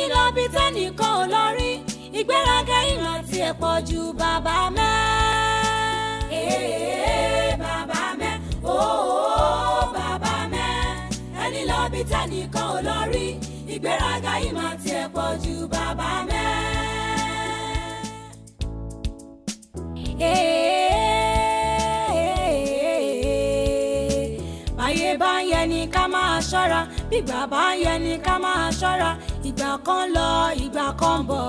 mi lọ bí tẹ́nìkan ò lọ rí ìgbéraga iná tí ẹ pọ̀ ju bàbá mẹ́. ee bàbá mẹ́ ooo bàbá mẹ́ ẹni lọ bí tẹ́nìkan ò lọ rí ìgbéraga iná tí ẹ pọ̀ ju bàbá mẹ́. báyé bá ń yẹ ni ká máa ṣọ́ra bí bàbá ń yẹ ni ká máa ṣọ́ra ìgbà kan lọ ìgbà kan bọ̀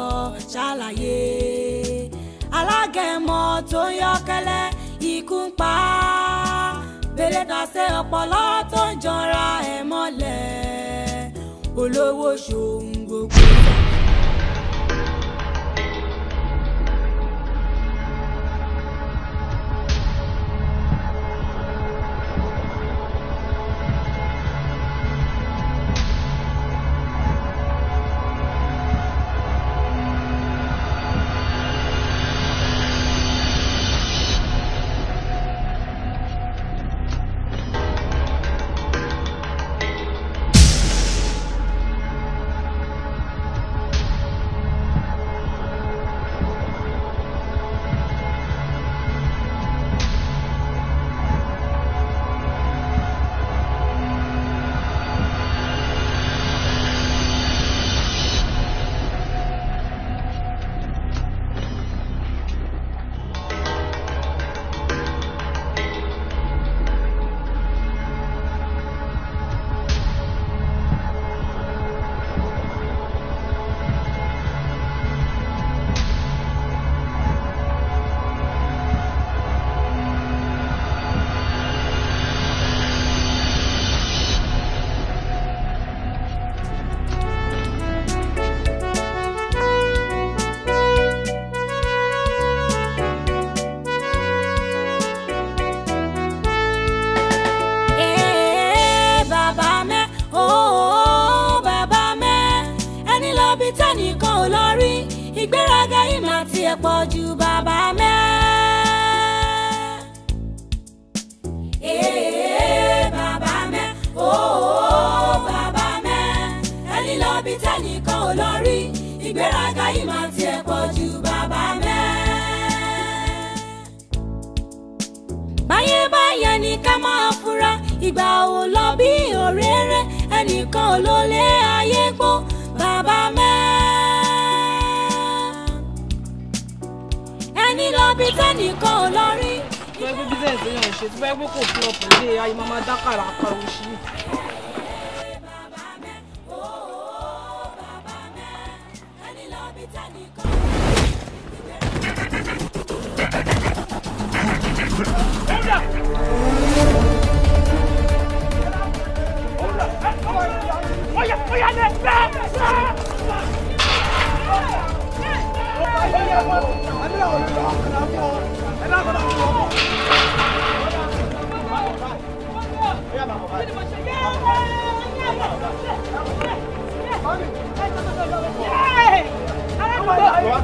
ṣàlàyé alágẹmọ tó yọ́kẹ́lẹ́ ikú ń pa belédàsẹ ọpọlọ tó ń jọra ẹ̀ mọ́lẹ̀ olówó ṣòun gbogbo. pọ̀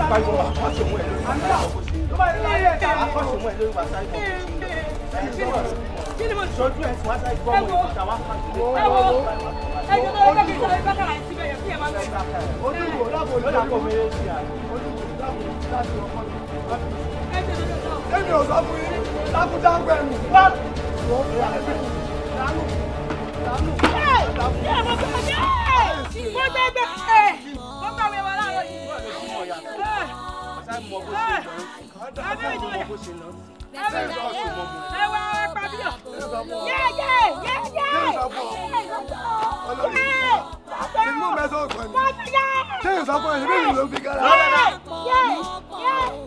pariwo máa kọ́ ṣe mú ẹ lórí wàá sáré kọ́ ṣe mú ẹ lórí wàá sáré kọ́ ṣe mú ẹ lórí sojú ẹ tí wọn sáré gbọ́ wọn ìjà wa kan tó wọn. ẹ wo ẹ jẹ́ bá wọn kí sáré bákàrà ẹ síbẹ̀ yẹn fún yẹn máa ń bẹ̀rẹ̀. olúwo láàbò olódàkọ mi yé ṣe àná olúwo láàbò láti ọkọ mi. èmi ò sọ fún yín lákúdágbẹ mi wá. Mo gbẹgbẹ ẹ̀! ẹ mọ bó ṣe náà ẹ mọ bó ṣe náà. Ẹ wá pàbíyàn. Yé yé yé yé. Inú mẹ́sàn-án kan ni. Ṣé ìsọfún ẹ̀ ṣe bí ìlú fi kára? Yé yé yé.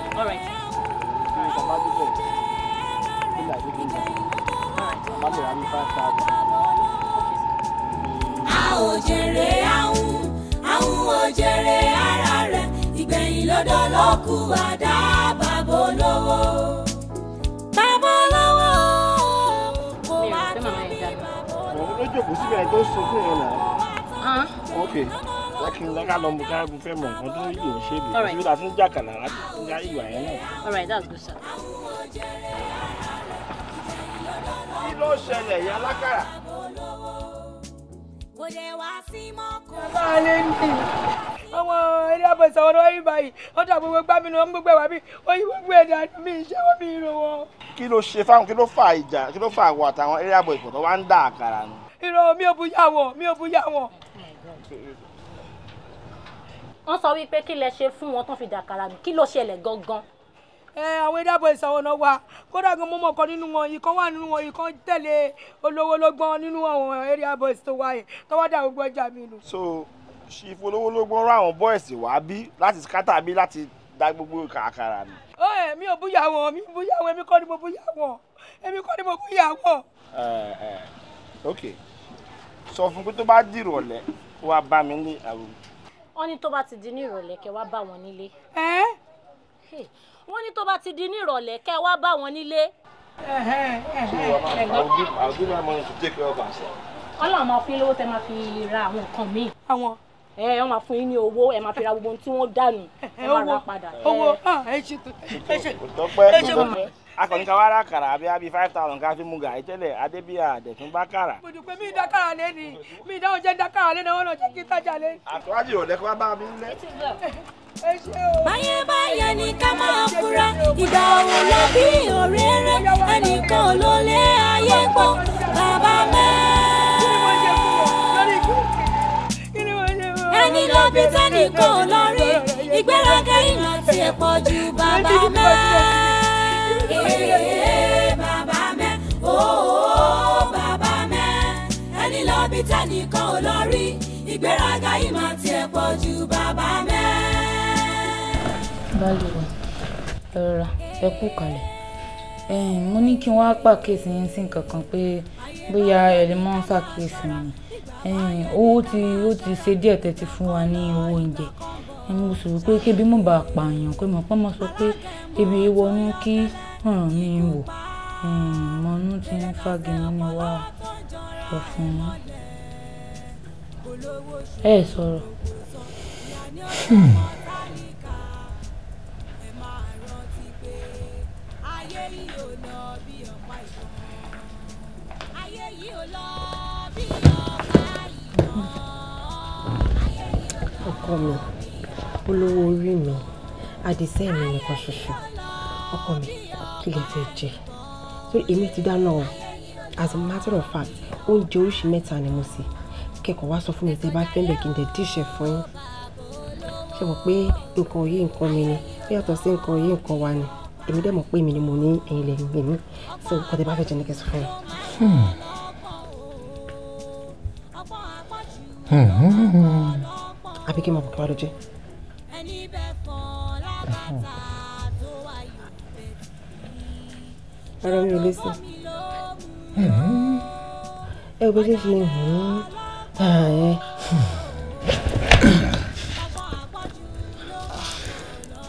All right. A ò jèrè ahun, ahun ò jèrè ara rẹ̀, ìgbẹ̀yìn lọ́dọ̀ ló kù àdá bàbá olówó. Bàbá olówó kò má tóbi bàbá olówó. Ọ̀rọ̀ ló jókòó síbẹ̀ tó sunkún yẹn náà. Ok lẹ́ka lọ mú káyọ̀ fẹ́ mọ nǹkan tó yìí ń ṣe lè fi wíwá tún jàkàlà láti tún já ìwà yẹn náà. All right, that's good, sir. kí ló ṣẹlẹ̀ yẹn alákàrà. Máa lé ní àwọn àbọ̀sẹ̀ wọn yìí báyìí wọ́n gbogbo gbá mi nù wọ́n gbogbo ẹ̀wà mi wọ́n gbogbo ẹ̀dá mi ìṣẹ́wọ́ mi rò Kí ló ṣe fáwọn kí ló fa ìjà kí ló fa àwọ̀ àtàwọn eré àbọ̀ ìpò tó ń dà àkàrà nù. Irọ́ mi ò bú yà wọ̀ mi ò bú yà wọ̀. Oh wọ́n sọ wípé kí lẹ ṣe fún wọn tó fi dàkàrà nù kí ló ṣẹlẹ̀ gangan. ẹ àwọn ìdábò ìsàwọ̀ náà wà kódà gan mọ́mọ́ kan nínú wọn ìkan wà nínú wọn ìkan tẹ̀lé olówó lọ́gbọ́n nínú àwọn area boys tó wà yẹn dà gbogbo ọjà mi nù. so chief olówó lọ́gbọ́n rán àwọn boys wá bí láti scatter bí láti dá gbogbo kàkàrà nù. ó ẹ mi ò búyà wọn mi búyà wọn èmi kọ́ ni mo búyà wọn èmi kọ́ ni mo búyà wọn. ẹ ẹ ok sọ fún pé tó bá dìrọ̀lẹ́ wàá bá mi ní àrùn um, wọ́n ní tó bá ti di ní ìrọ̀lẹ́ kẹ́ wá bá wọn nílé. wọ́n ní tó bá ti di ní ìrọ̀lẹ́ kẹ́ wá bá wọn nílé. ọlọ́run máa fún yín lówó tẹ́ máa fi ra àwọn nǹkan míì. àwọn. ẹ ẹ wọ́n máa fún yín ní owó ẹ máa fi ra gbogbo ohun tí wọ́n dànù ẹ máa ra padà. owó ah, ẹ ṣe tó ẹ ṣe tó ẹ ṣe tó akọ̀nìkan wá rákàrà àbí àbí five thousand ká fi mú gàrí tẹ́lẹ̀ adébíyà àdẹ̀tún bá kàrà. bùdùpẹ́ mi dákàrà lé ni mi ìdáhùn jẹ́ dákàrà lé ni wọ́n náà jẹ́ kí tájà lé. àtúwájú ìrọ̀lẹ́ kó bá mi lẹ́. báyé ni ká máa fura ìgbà wo ló bí òréré ẹnìkan ló lé ayé pọ̀ bàbá mẹ́. ẹni ló bí tẹ́nìkan lọ rí ìgbéraga ìrántí ẹ̀pọ̀ ju bàbá mẹ́ ee eh, bàbá mẹ́ ooo oh, bàbá mẹ́ ẹni lọ bí tẹnìkan ò lọ rí ìgbéraga yìí máa tiẹ̀ pọ̀ ju bàbá mẹ́. báyìí wà ẹ rọra ẹ kú kalẹ̀. mo ní kí n wá pàkíyèsí yín sí nǹkan kan pé bóyá ẹ̀rẹ̀mọ́ ń ṣàkíyèsí mi owó tí ó ti ṣe díẹ̀ tẹ́ fún wa ní owó oúnjẹ mo sọ pé kébi mo bá pààyàn pé mo pọ́n mọ́ sọ pé ebi wọnú kí ọ̀ràn mi wò mọ́nú ti ń fagin ní wá sọ fún un ẹ sọ̀rọ̀. Hmm. ọkọ mi olówó orí mi àdìsẹ́ mi nìkan ṣoṣo ọkọ mi kí lè fẹ́ jẹ torí èmi ti dáná o as a matter of fact oúnjẹ oríṣi mẹ́ta ni mo sè kẹ́kọ̀ọ́ wá sọ fún mi tí ẹ bá fẹ́ bẹ̀ kí n dẹ̀ díṣẹ̀ fún yín ṣe mọ̀ pé nǹkan yìí nǹkan mi ni yàtọ̀ sí nǹkan yìí nǹkan wa ni èmi dẹ̀ mọ̀ pé èmi ni mo ní ẹ̀yìn lẹ́yìn èmi so nǹkan tẹ bá fẹ́ jẹ ní kẹsàn-án fún mi. Hmm. Hmm. Hmm àbí kí n máa bọ̀ kí wá ló jẹ́. ara mi ò lè sè. ẹ ò bẹ ṣe ṣe ààyè.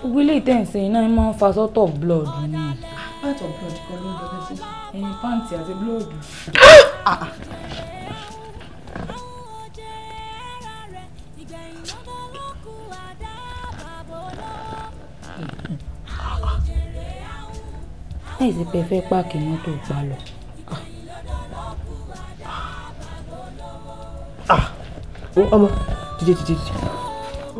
gbogbo ilé ìtẹ̀sẹ̀ iná máa ń fa sort of blood ni. sort of blood kan ló ń bọ́ sí. ẹyin pàǹtì àti búlọ́ọ̀dù. Ah! láìsí pé fẹ́ páàkì mọ́tò pa lọ. Ah, ah, ọmọ dìde dìde dìde.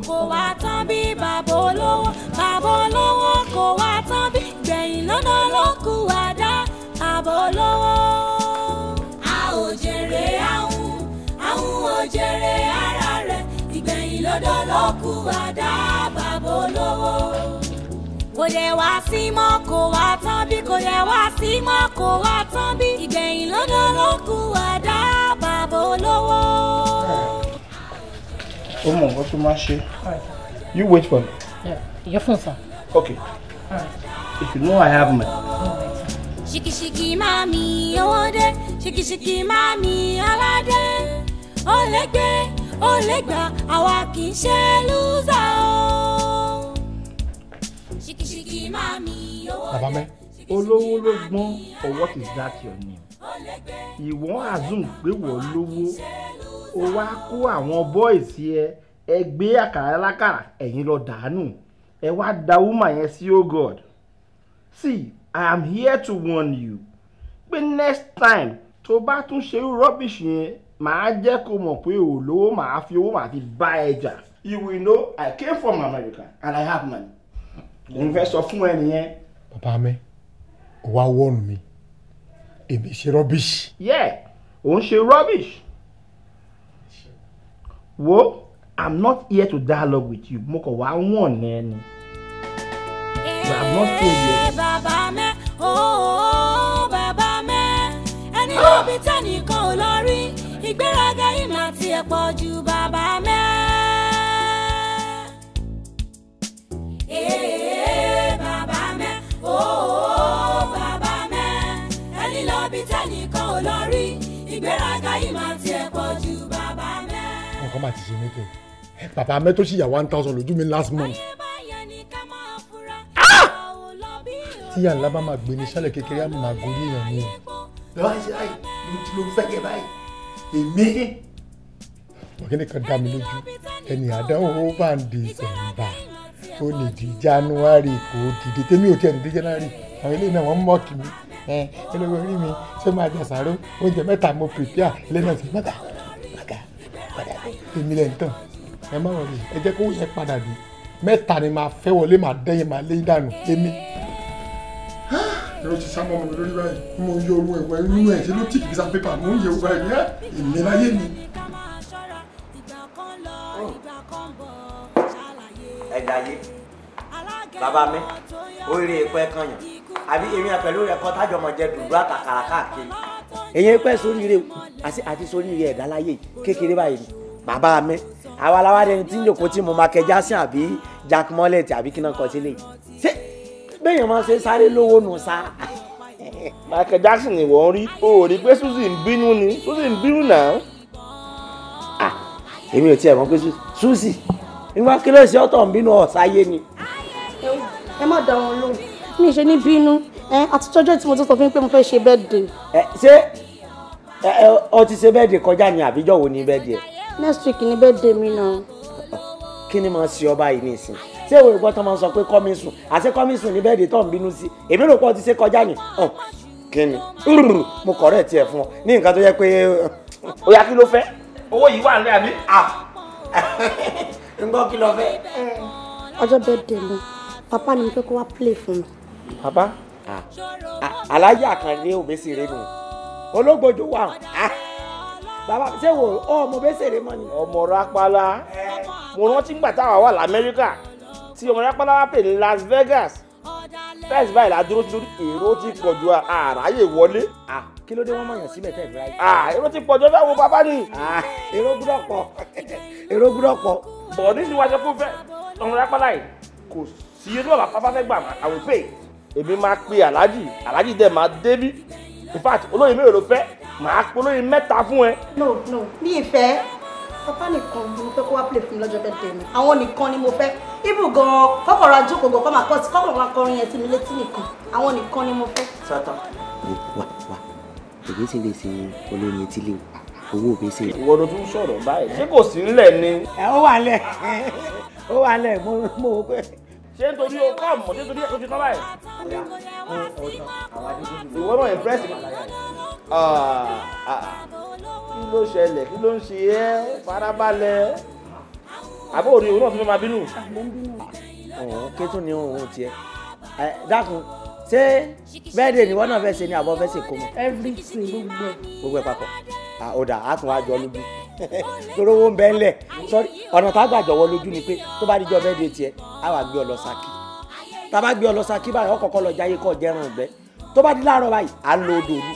kò wá tán bí bàbá olówó bàbá olówó kò wá tán bí gbẹ̀yìn lọ́nà ló kù wá dá olówó. a ò jèrè ahun ahun ò ara rẹ̀ ìgbẹ̀yìn lọ́dọ̀ ló kù wá dá olówó kò yẹ wá sí mọ́ kò wá tán bí kò yẹ wá sí mọ́ kò wá tán bí ìgbẹ̀yìn lọ́dọ̀ ló kù àdá bàbá olówó. ó mọ nǹkan tó máa ṣe you wait for me. ìyẹn fún sir. okay right. if you know I have money. ṣìkìṣìkì máa mi owó dé ṣìkìṣìkì máa mi aládé ó lè gbé ó lè gbà àwa kì í ṣe lùzà o bàbá mẹ́ olówó ló gbọ́n or what is that your name ìwọ́n azùn pé wọ́n lówó o wá kó àwọn bọ́ìsì ẹ ẹ gbé àkàrà lákàrà ẹ̀yin lọ dànù ẹ wá da woman yẹn sí o oh god see i am here to warn you pé next time tó bá tún ṣe rubbish yẹn màá jẹ́ kó mọ̀ pé òlówó màá fi owó màá fi bá ẹ jà you will know i came from america and i have money òun fẹ́ sọ fún ẹ nìyẹn. bàbá mi ò wá wọ́ọ̀nù mi èmi ṣe rubbish. yẹ òun ṣe rubbish wo i'm not here to dialogue with you mo kàn wá wọ̀n ní ẹni. bàbá mi ooo oh, bàbá mi ẹni ló tẹ́nìkan ò lọ rí ìgbéraga yìí máa tiẹ̀ pọ̀ ju bàbá mi. ó oh, bàbá mẹ́ ẹni lọ bí tẹ́nìkan ò lọ rí ìgbéraga yìí ju bàbá mẹ́. nǹkan máa ti ṣe mí kẹ́ bàbá one thousand lójú mi last month. Ah! tíyà ńlá bá máa gbé ní sálẹ̀ kékeré á máa gorí èèyàn ni. lọ́wọ́ ṣe báyìí ló fẹ́ kẹ́ báyìí èmi wọ́n kan dá mi lójú ẹni àdánwò bá ń di ìsẹ̀ ń ó lè di january kò dìde tèmi ò tiẹ̀ dìde january àwọn ilé náà wọ́n mọ̀ọ́kì mi ẹ ẹ lọ́wọ́ orí mi ṣé máa jẹ àṣàrò oúnjẹ mẹ́ta mo prepare ilé náà ti mọ́gà mọ́gà padà dé èmi lẹ́ ń tàn ẹ má wọlé ẹ jẹ́ kó yẹ padà dé mẹ́ta ni máa fẹ́ wọlé máa dẹ́yìn máa lé dànù èmi. yóò ti sá mọ́ mi lórí báyìí mo yọ ohun ẹ̀wọ̀ inú ẹ̀ ṣe ló tì kì í sá pépà mo ń yẹ ohun ẹ̀wọ̀ ẹ̀ ìmìláyé ni. ayé bàbá mi oríire ìpẹ́ kanyàn àbí èmi àpẹ̀lú rẹ̀ kọ́ tájọmọ̀ jẹ dùdú àtàkàrà káàkiri. èyàn pẹ́ sóríire àti sóríire ẹ̀dá láyé kékeré báyìí ni bàbá mi àwa làwa dẹni tí ń jòkó tí mo máa kẹjá sí àbí jack mullet àbí kí náà kọ sílé ṣé bẹ́ẹ̀yàn máa ṣe sáré lówó nù sá. Michael Jackson ni wọ́n rí o ò rí pé Suzy ń bínú ni Suzy ń bínú náà. Ah, ah, èmi ò tiẹ̀ mọ̀ pé Suzy ìwà kí ló ṣe ọ̀tọ̀ ń bínú ọ̀sáyé ni. ẹ má dá wọn lóhùn mi ṣe ní bínú àtijọ́jọ́ tí mo ti sọ fún mi pé mo fẹ́ ṣe birthday. ẹ ṣé ọ ti ṣe birthday kọjá ni àbíjọ́ wo ni birthday ẹ. next week ni birthday mi náà. kí ni màá ṣe ọ báyìí nísìn ṣé ìwé ìgbọ́ tán máa ń sọ pé kọ́mísùn àti kọ́mísùn ní birthday tó ń bínú sí èmi rò pé ọ ti ṣe kọjá ni kí ni mo kọ̀rẹ́ tiẹ̀ fún ọ ní nǹkan tó yẹ pé O yá kí ló fẹ́ owó yìí wà ń lé n gbọ́ kí lọ fẹ́. Eh, ọjọ́ birthday mi papa ni mo fẹ́ kó wá play fún mi. papa ah, ah, alájà àkàndé òbésèré nù ológbòjò wà ah, bàbá ṣé wo ọmọ òbésèré mọ ni. ọmọ rápálá mo rántí nígbà táwa wà lamẹ́ríkà tí ọmọ rápálá wà pè ní Las Vegas fẹ́ẹ̀sì báyìí ládúró tí èrò ti pọ̀ ju àráyè wọlé. kí ló dé wọ́n mọ̀yàn sí mẹ́tẹ́ ìgbà yìí. èrò ti pọ̀ jọ fẹ́ wo bàbá ni. èrò gbúdọ̀ pọ̀ èrò gbúdọ̀ pọ̀ bọ̀ nínú wa ṣe kó fẹ́ ọmọ rápálá yìí kò sí irú ọ̀la pápá fẹ́ gbà àwọn pè èmi máa pe aláàjì aláàjì dẹ̀ máa débí in fact olóyin mélòó ló fẹ́ màá polóyin mẹ́ta fún ẹ. no no mi ì papa nìkan ni mo fẹ́ kó wá play fún mi lọ́jọ́ bẹ́ẹ̀ tèmi àwọn nìkan ni mo fẹ́ ibù gan-an kọ́kọ̀rọ̀ ajókòó gan kọ́ máa kọ́ sí kọ́kọ̀rọ̀ máa kọrin ẹ̀ sí mi létí nìkan àwọn nìkan ni mo fẹ́. sátán. wà wà èyí sì lè ṣe olóyin etí lè wà owó mi sí. ìwọ ló tún sọ̀rọ̀ báyìí ṣé kò sí ńlẹ̀ ni. ó wà lẹ̀ ó wà lẹ̀ mo mo pé. ṣé nítorí o kọ́ àmọ̀ ṣé nítorí o ti tán báyìí. ìwọ náà impress mi. Ah, ah, ah. kí ló ṣẹlẹ̀ kí ló ń ṣe ẹ́ farabalẹ̀ àbó òun náà tún máa bínú. ọ̀hún kí tún ni òun tiẹ̀ dákun ṣé bẹ́ẹ̀ dè ni wọ́n náà fẹ́ ṣe ni àbọ̀ fẹ́ ṣe kó mọ́. everything gbogbo ẹ̀ papọ̀ ọ̀dà ah, á tún wá jọ lójú torówó ń bẹ ń lẹ̀ sọ́rí ọ̀nà tá a gbà jọ̀wọ́ lójú ni pé tó bá díjọ́ bẹ́ẹ̀ de tiẹ̀ á wà gbé ọ lọ Ṣakí tá a bá gbé ọ lọ Ṣakí báyìí ọkọ̀ọ̀kọ̀ lọ jáyé kọ́ jẹ́ràn ọ̀gbẹ́ tó bá di láàárọ̀ báyìí à ń lo odò olú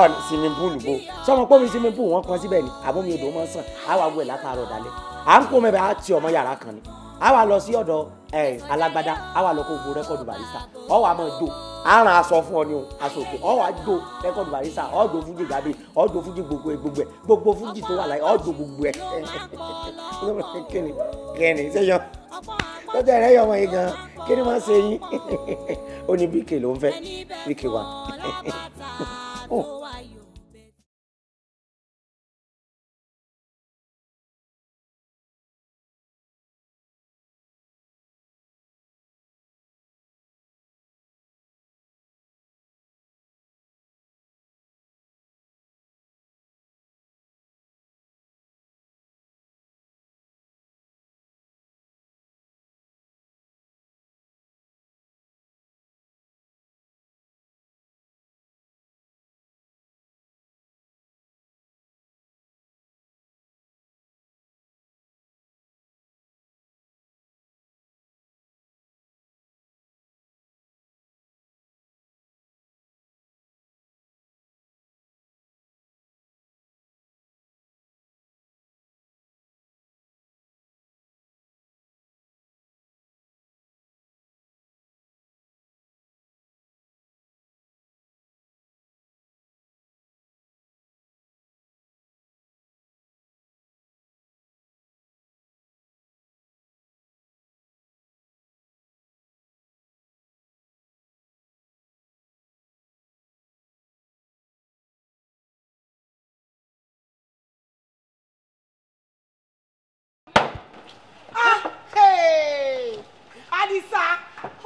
ọ̀n swimming pool bo sọmọ pọ́nmi swimming pool wọn kan síbẹ̀ ni àbómi odò wọn sàn á wà wẹ̀ látàárọ̀ dalẹ̀ à ń kó mẹ́bẹ̀ á ti ọmọ yàrá kan ni a wà lọ sí ọ̀dọ̀ alágbádá a wà lọ kó gbó rẹ́kọ̀dù barista ọ wà máa jó àrùn aṣọ fún ọ ni o aṣọ òkè ọ wà jó rẹ́kọ̀dù barista ọ jó fújì gàdé ọ jó fújì gbogbo ẹ gbogbo ẹ gbogbo fújì tó wà láyé ọ jó gbogbo ẹ kíni kíni sẹyọ lọ́jọ́ ẹ̀rẹ́ yọ ọmọ yìí gan kíni máa ṣe yín ó ní bíkè ló ń fẹ́ bíkè wà.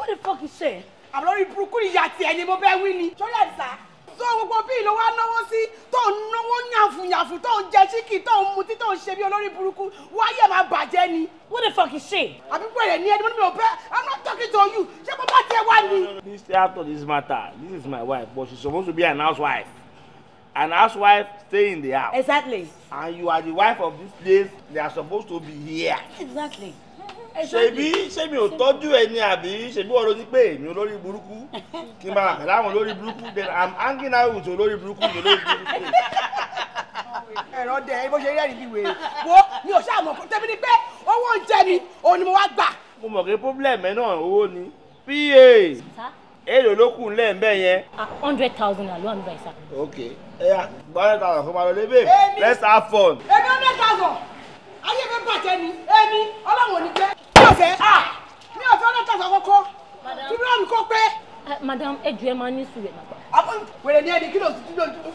What the fuck you say? Àlọ́rí burúkú ìyá ti ẹni mo bẹ́ wí ni. Sọ́rí àdìsá. Tó gbogbo bíi ló wá náwó sí tó ń náwó yànfùyànfù tó ń jẹ síkì tó ń mutí tó ń ṣe bí olórí burúkú wáyé máa bàjẹ́ ni. What the fuck you say? Àbí pẹ̀lẹ́ ní ẹni mo ní mi bẹ́ I'm not talking to you. Ṣé mo bá tiẹ̀ wá ni? Please stay out of this matter. This is my wife but she's supposed to be an housewife. An housewife stay in the house. Exactly. And you are the wife of this place. They are supposed to be here. Exactly ṣèbí ṣèmi ò tọ́jú ẹ ni àbí ṣèbí wọn ló ní pé èmi olórí burúkú kí n máa kà láwọn olórí burúkú then i'm hanging out with olórí burúkú ní olórí burúkú. ẹ̀rọ dẹ̀ bó ṣe rí ẹ̀rí bí wo mi ò ṣáà kó tẹ́bi ni pé owó oúnjẹ mi òun ni mo wá gbà. mo mọ̀ pé problem ẹ̀ náà owó ni pa èlò ló kù nílẹ̀ ńbẹ yẹn. hundred thousand naira ló wà níbẹ̀ sá. ok ẹ yà gbọ́dọ̀ tààrà fún balọ̀ lébè let's have fun. èmi hundred thousand ayé mi bàjẹ́ ni èmi ọlọ́run ò ní jẹ́ ọ̀fẹ́ ah, mi ò fẹ́ ọlọ́tàṣà kọ́kọ́ fúnra mi kọ́ pé. Eh, madam ẹ jù ẹ máa ní sùúrù ẹ máa gbà. àbọ̀ wèrè ní ẹni kí ló ti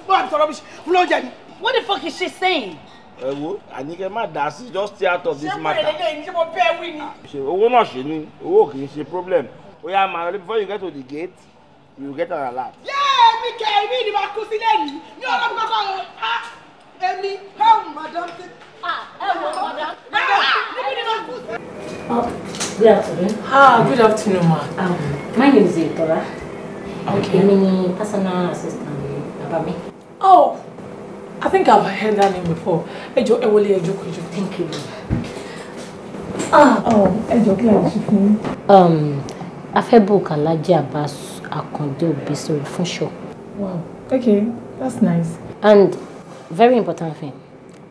gbọ́ àti sọ̀rọ̀ bí fúnra ó jẹ ni. what the fuck is she saying? ẹ wo àníkẹ́ má dà sí just stay out of this matter. ṣé mo lè lè ní ṣé mo bẹ́ẹ̀ wí ni. Ah, owó náà ṣe ni owó kì í ṣe problem oya ma before you get to the gate you get an alert. yéé mi kẹ́ ẹ̀mí ìdìbò akú sílẹ̀ yìí ní ọlọ́run kọ́kọ́ o ah, èmi hẹ́ẹ̀mù madam good afternoon. Ah, good afternoon, ma. Um, my name is Itora. Okay. I'm personal assistant, About me. Oh, I think I've heard that name before. Ejo Ewole Ejo wọlé, Thank you. Ah. Oh, ẹ jọ̀ọ́, kí la ṣe fún. Um, a large book a condo, Akande for sure. Wow. Okay, that's nice. And very important thing.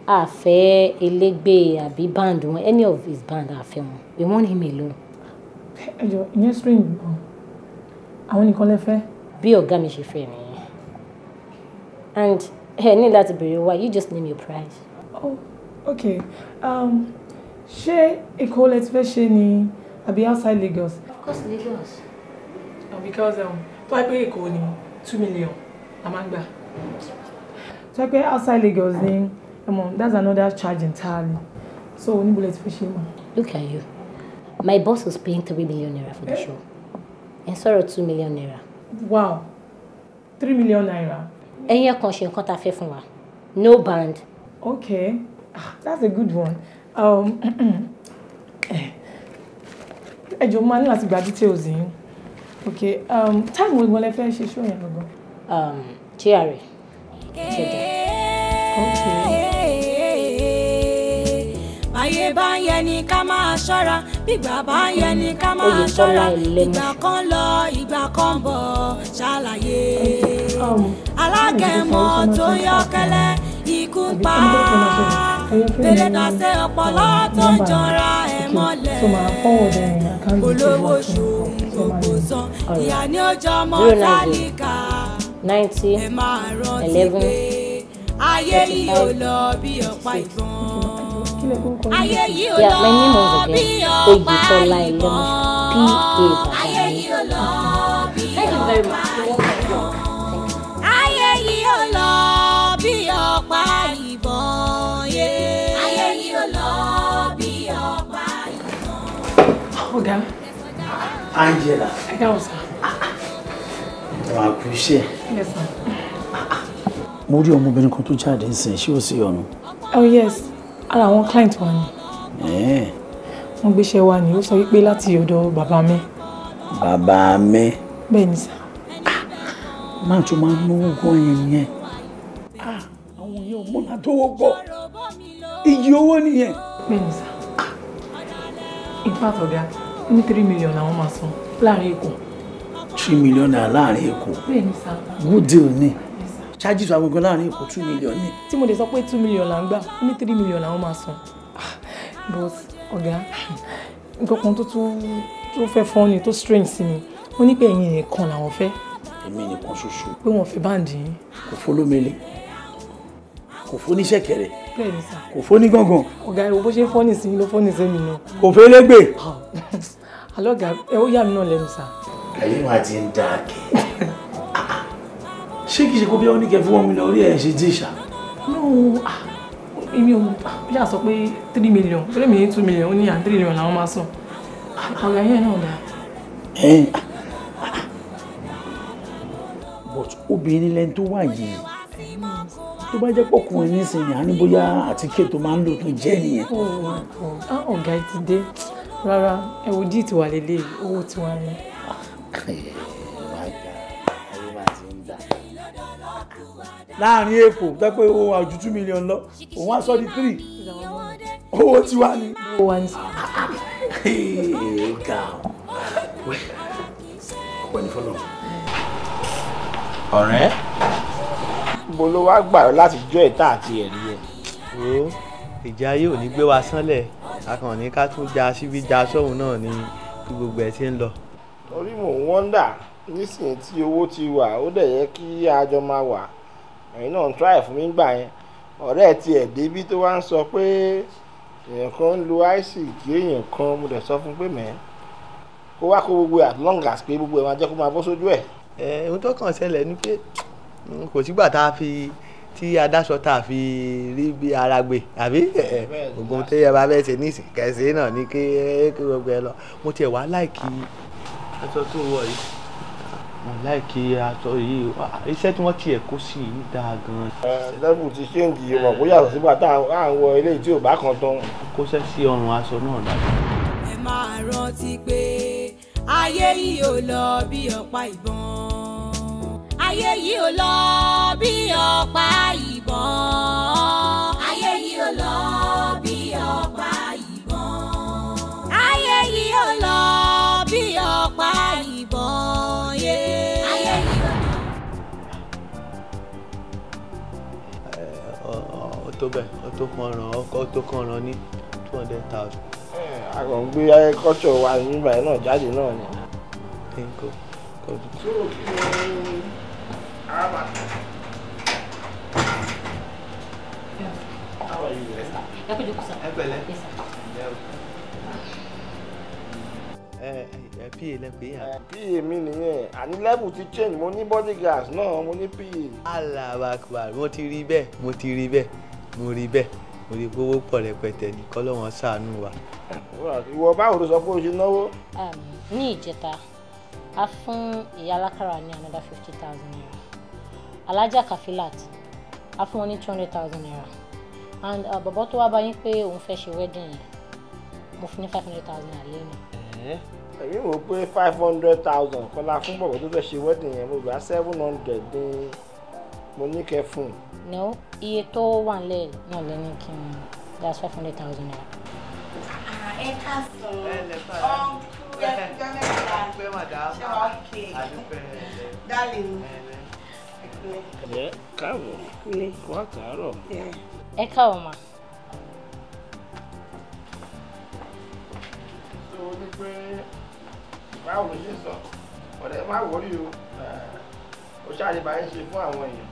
A fẹ́ elégbè àbí band wọn, any of his band a fẹ́ wọn. We want him alone. Ẹ jọ ìyẹn strange gan. Àwọn nìkan lẹ fẹ́. Bí ọ̀gá mi ṣe fẹ́ nìyẹn. And ẹ ní láti béèrè why you just name your price. Oh, okay. Um, ṣé Èkó lẹ ti fẹ́ ṣe ni àbí outside Lagos? Of course Lagos. No, oh, because um, tó wáá pé Èkó ni two million la máa ń gbà. Tó wáá pé outside Lagos ni. Um, Come on, that's another charge entirely. So, we need for Shima. Look at you. My boss was paying 3 million naira for the eh? show. And sorrow 2 million naira. Wow. 3 million naira. And your conscience can't affect from No band. Okay. Ah, that's a good one. Um, eh, ẹ jọ̀ọ́ máa ní láti gba details yín. Okay. Um, time wo ni wọ́n lè fẹ́ ṣe show yẹn gangan? Um, GRA. Ṣẹ̀dá. báyé bá ń yẹ ni ká máa ṣọ́ra bígbà bá ń yẹ ni ká máa ṣọ́ra ìgbà kan lọ ìgbà kan bọ̀ ṣàlàyé alágẹ̀mọ́ tó yọ́kẹ́lẹ́ ikú pa bèrè dàsẹ ọpọlọ tó ń jọra ẹ mọ́lẹ̀ olówó ṣòwò kò sọ ìyá ni ó jọ tálíkà ẹ máa rántí pé ayé yìí ò lọ bí ọ̀pá ìbọn. Yeah, my name lọ again ọba ìbọn ayé yìí Thank you very much. Oh ayé yìí ò lọ bí ọba ìbọn ayé yìí ò lọ Angela. ẹ̀ka ọ̀sán. wà á kú iṣẹ́. mo rí ọmọbìnrin kan tó jáde ń sìn ṣé ó oh yes ara àwọn client wa ni. wọ́n gbéṣẹ́ wa ni ó sọ wípé láti ọ̀dọ̀ bàbá mi. bàbá mi. bẹ́ẹ̀ ni sà. Ah, máa tún máa ń náwó gan yẹn nìyẹn. Ah, àwọn yẹn ò múná tó gbọ́ iyì owó nìyẹn. bẹ́ẹ̀ ni sà. Ah, in fact ọ̀gá ní three million àwọn máa san láàrin èkó. three million naira láàrin èkó. bẹ́ẹ̀ ni sà. good deal ni charges wa gangan láàrin èkó two million ni. tí mo lè sọ pé two million là ń gbà ó ní three million làwọn máa san ah, but ọ̀gá nǹkan kan tó tó fẹ́ fọ́n ni tó strange sí mi wọ́n ní pé ẹ̀yin nìkan làwọn fẹ́. èmi nìkan ṣoṣo. pé wọ́n fẹ́ báǹdì yín. kò fọlọ́mẹlẹ kò fóníṣẹ́ kẹrẹ kò fóní gángan. ọ̀gá ìwọ bó ṣe ń fọ́nì sí ló fọ́nì sẹ́mi náà. kò fẹ́ légbè. Ah, alọ́gà ẹ ó yà mí náà lẹ́nu sá. ẹ̀yin wa ti ń dáa kẹ́. ṣé kìí ṣe kó bí ó ní kẹ fún omi lọ orí ẹ̀ ṣe dí ìṣà. Ah, èmi ò yà ah, sọ pé three million three million two million ó ní à three million làwọn máa sọ ah, ọ̀gá yẹn náà dà. but obìnrin lẹni tó wà yìí tó bá jẹ́ pọ̀kùnrin nísìnyí àní bóyá àtíkè tó máa ń lò tó jẹ́ nìyẹn. Oh ọ̀gá ti dé rárá ẹ̀wọ̀n díì ti wà lélẹ̀ owó ti wà ní. láàrin èkó tó pé owó wa ju two million lọ òun wá sọ di three owó tí wá ní. owó wá ní sọ. ga wẹ ọpẹ́ ní fọlọ. ọ̀rẹ́. mo ló wá gbà ọ láti jọ ìta àti ẹ̀rí ẹ̀. ìjà ayé ò ní gbé wa sánlẹ̀ akànnì ká tún ja síbi ja sóhun náà ni bí gbogbo ẹ̀ ti ń lọ. torí mò ń wọ́ndà nísìnyí tí owó ti wà ó dẹ̀ yẹ kí a jọ máa wà ẹ̀yin náà ń try fún mi gbà yẹn ọ̀rẹ́ tiẹ̀ débí tó wá ń sọ pé èèyàn kan ń lo ice kí èèyàn kan mo dẹ̀ sọ fún pé mẹ́ẹ́ kó wá kó gbogbo at long as pé gbogbo ẹ̀ máa jẹ́ kó máa bọ́ sójú ẹ̀. ẹ ohun tó kàn ṣẹlẹ̀ ni pé hmm, kò sígbà tá a fi tí adáṣọ tá a fi rí bí ara gbé àbí ogun tó yẹ bá bẹ́ẹ̀ ṣe nísìn kẹsì náà ní kí gbogbo ẹ lọ mo tiẹ̀ wá láìkí aṣọ tó wọ̀ yìí láìkí aṣọ yìí ah, iṣẹ́ tí wọ́n tiẹ̀ kó sí yìí dáa gan-an. lẹ́bù ti ṣéǹgì ìwọ̀n kó yàtọ̀ sígbà tá à ń wọ eléyìí tí ò bá kan tán. kó sẹ́ sí ọrùn aṣọ náà dájú. ẹ máa rántí pé ayé yìí ò lọ bí ọ̀pá ìbọn. ayé yìí ò lọ bí ọ̀pá ìbọn. ayé yìí ò lọ bí ọ̀pá ìbọn. ayé yìí ò lọ. tó bẹ̀ ó tó kan ràn ó tó kan ràn ní two hundred thousand. Eh, a kò ń gbé culture wa nígbà yẹn náà jáde náà ni. kínkù kò dùn. tó o kí ni arábàtà. ẹ pẹ̀lẹ́ kùsà. ẹ pẹ̀lẹ́ ẹ pa lẹ́pẹ́ yà. Eh, pa mi nìyẹn àní level ti change mo ní bodyguards náà mo ní pa. alábàkúbà mo ti rí bẹ́ẹ̀ mo ti rí bẹ́ẹ̀ mo rí bẹ́ẹ̀ mo rí gbówó pọ̀ rẹpẹtẹ ní kọ́lọ́wọ́n ṣàánú wa. ìwọ báwo ló sọ pé o ṣe náwó. ní ìjẹta a fún ìyá alákàrà ní another fifty thousand naira alájà kafilat a fún wọn ní two hundred thousand naira and uh, bàbá tó wá bá yín pé òun fẹ́ ṣe wedding yẹn mo fún ní five hundred thousand naira lẹ́nu èmi wò pé five hundred thousand kọ́lá fún bọ̀bọ̀ tó fẹ́ ṣe wedding yẹn mo gbà seven hundred ní mo ní kẹ́ fún un no iye tó wà nílẹ̀ náà lẹ́ni kí n that's five hundred thousand naira. Ah, ẹ ká sọ ọ́n kú ẹ jọ mẹ́ta ṣe wá kí darling ẹ káàbọ̀ kúlé wá kàárọ̀. ẹ káàbọ̀ mà. tó o ní pé báwo ló ṣe sọ ọ̀rẹ́ má wọlé o ó ṣàlẹ̀ bá ń ṣe fún àwọn èèyàn.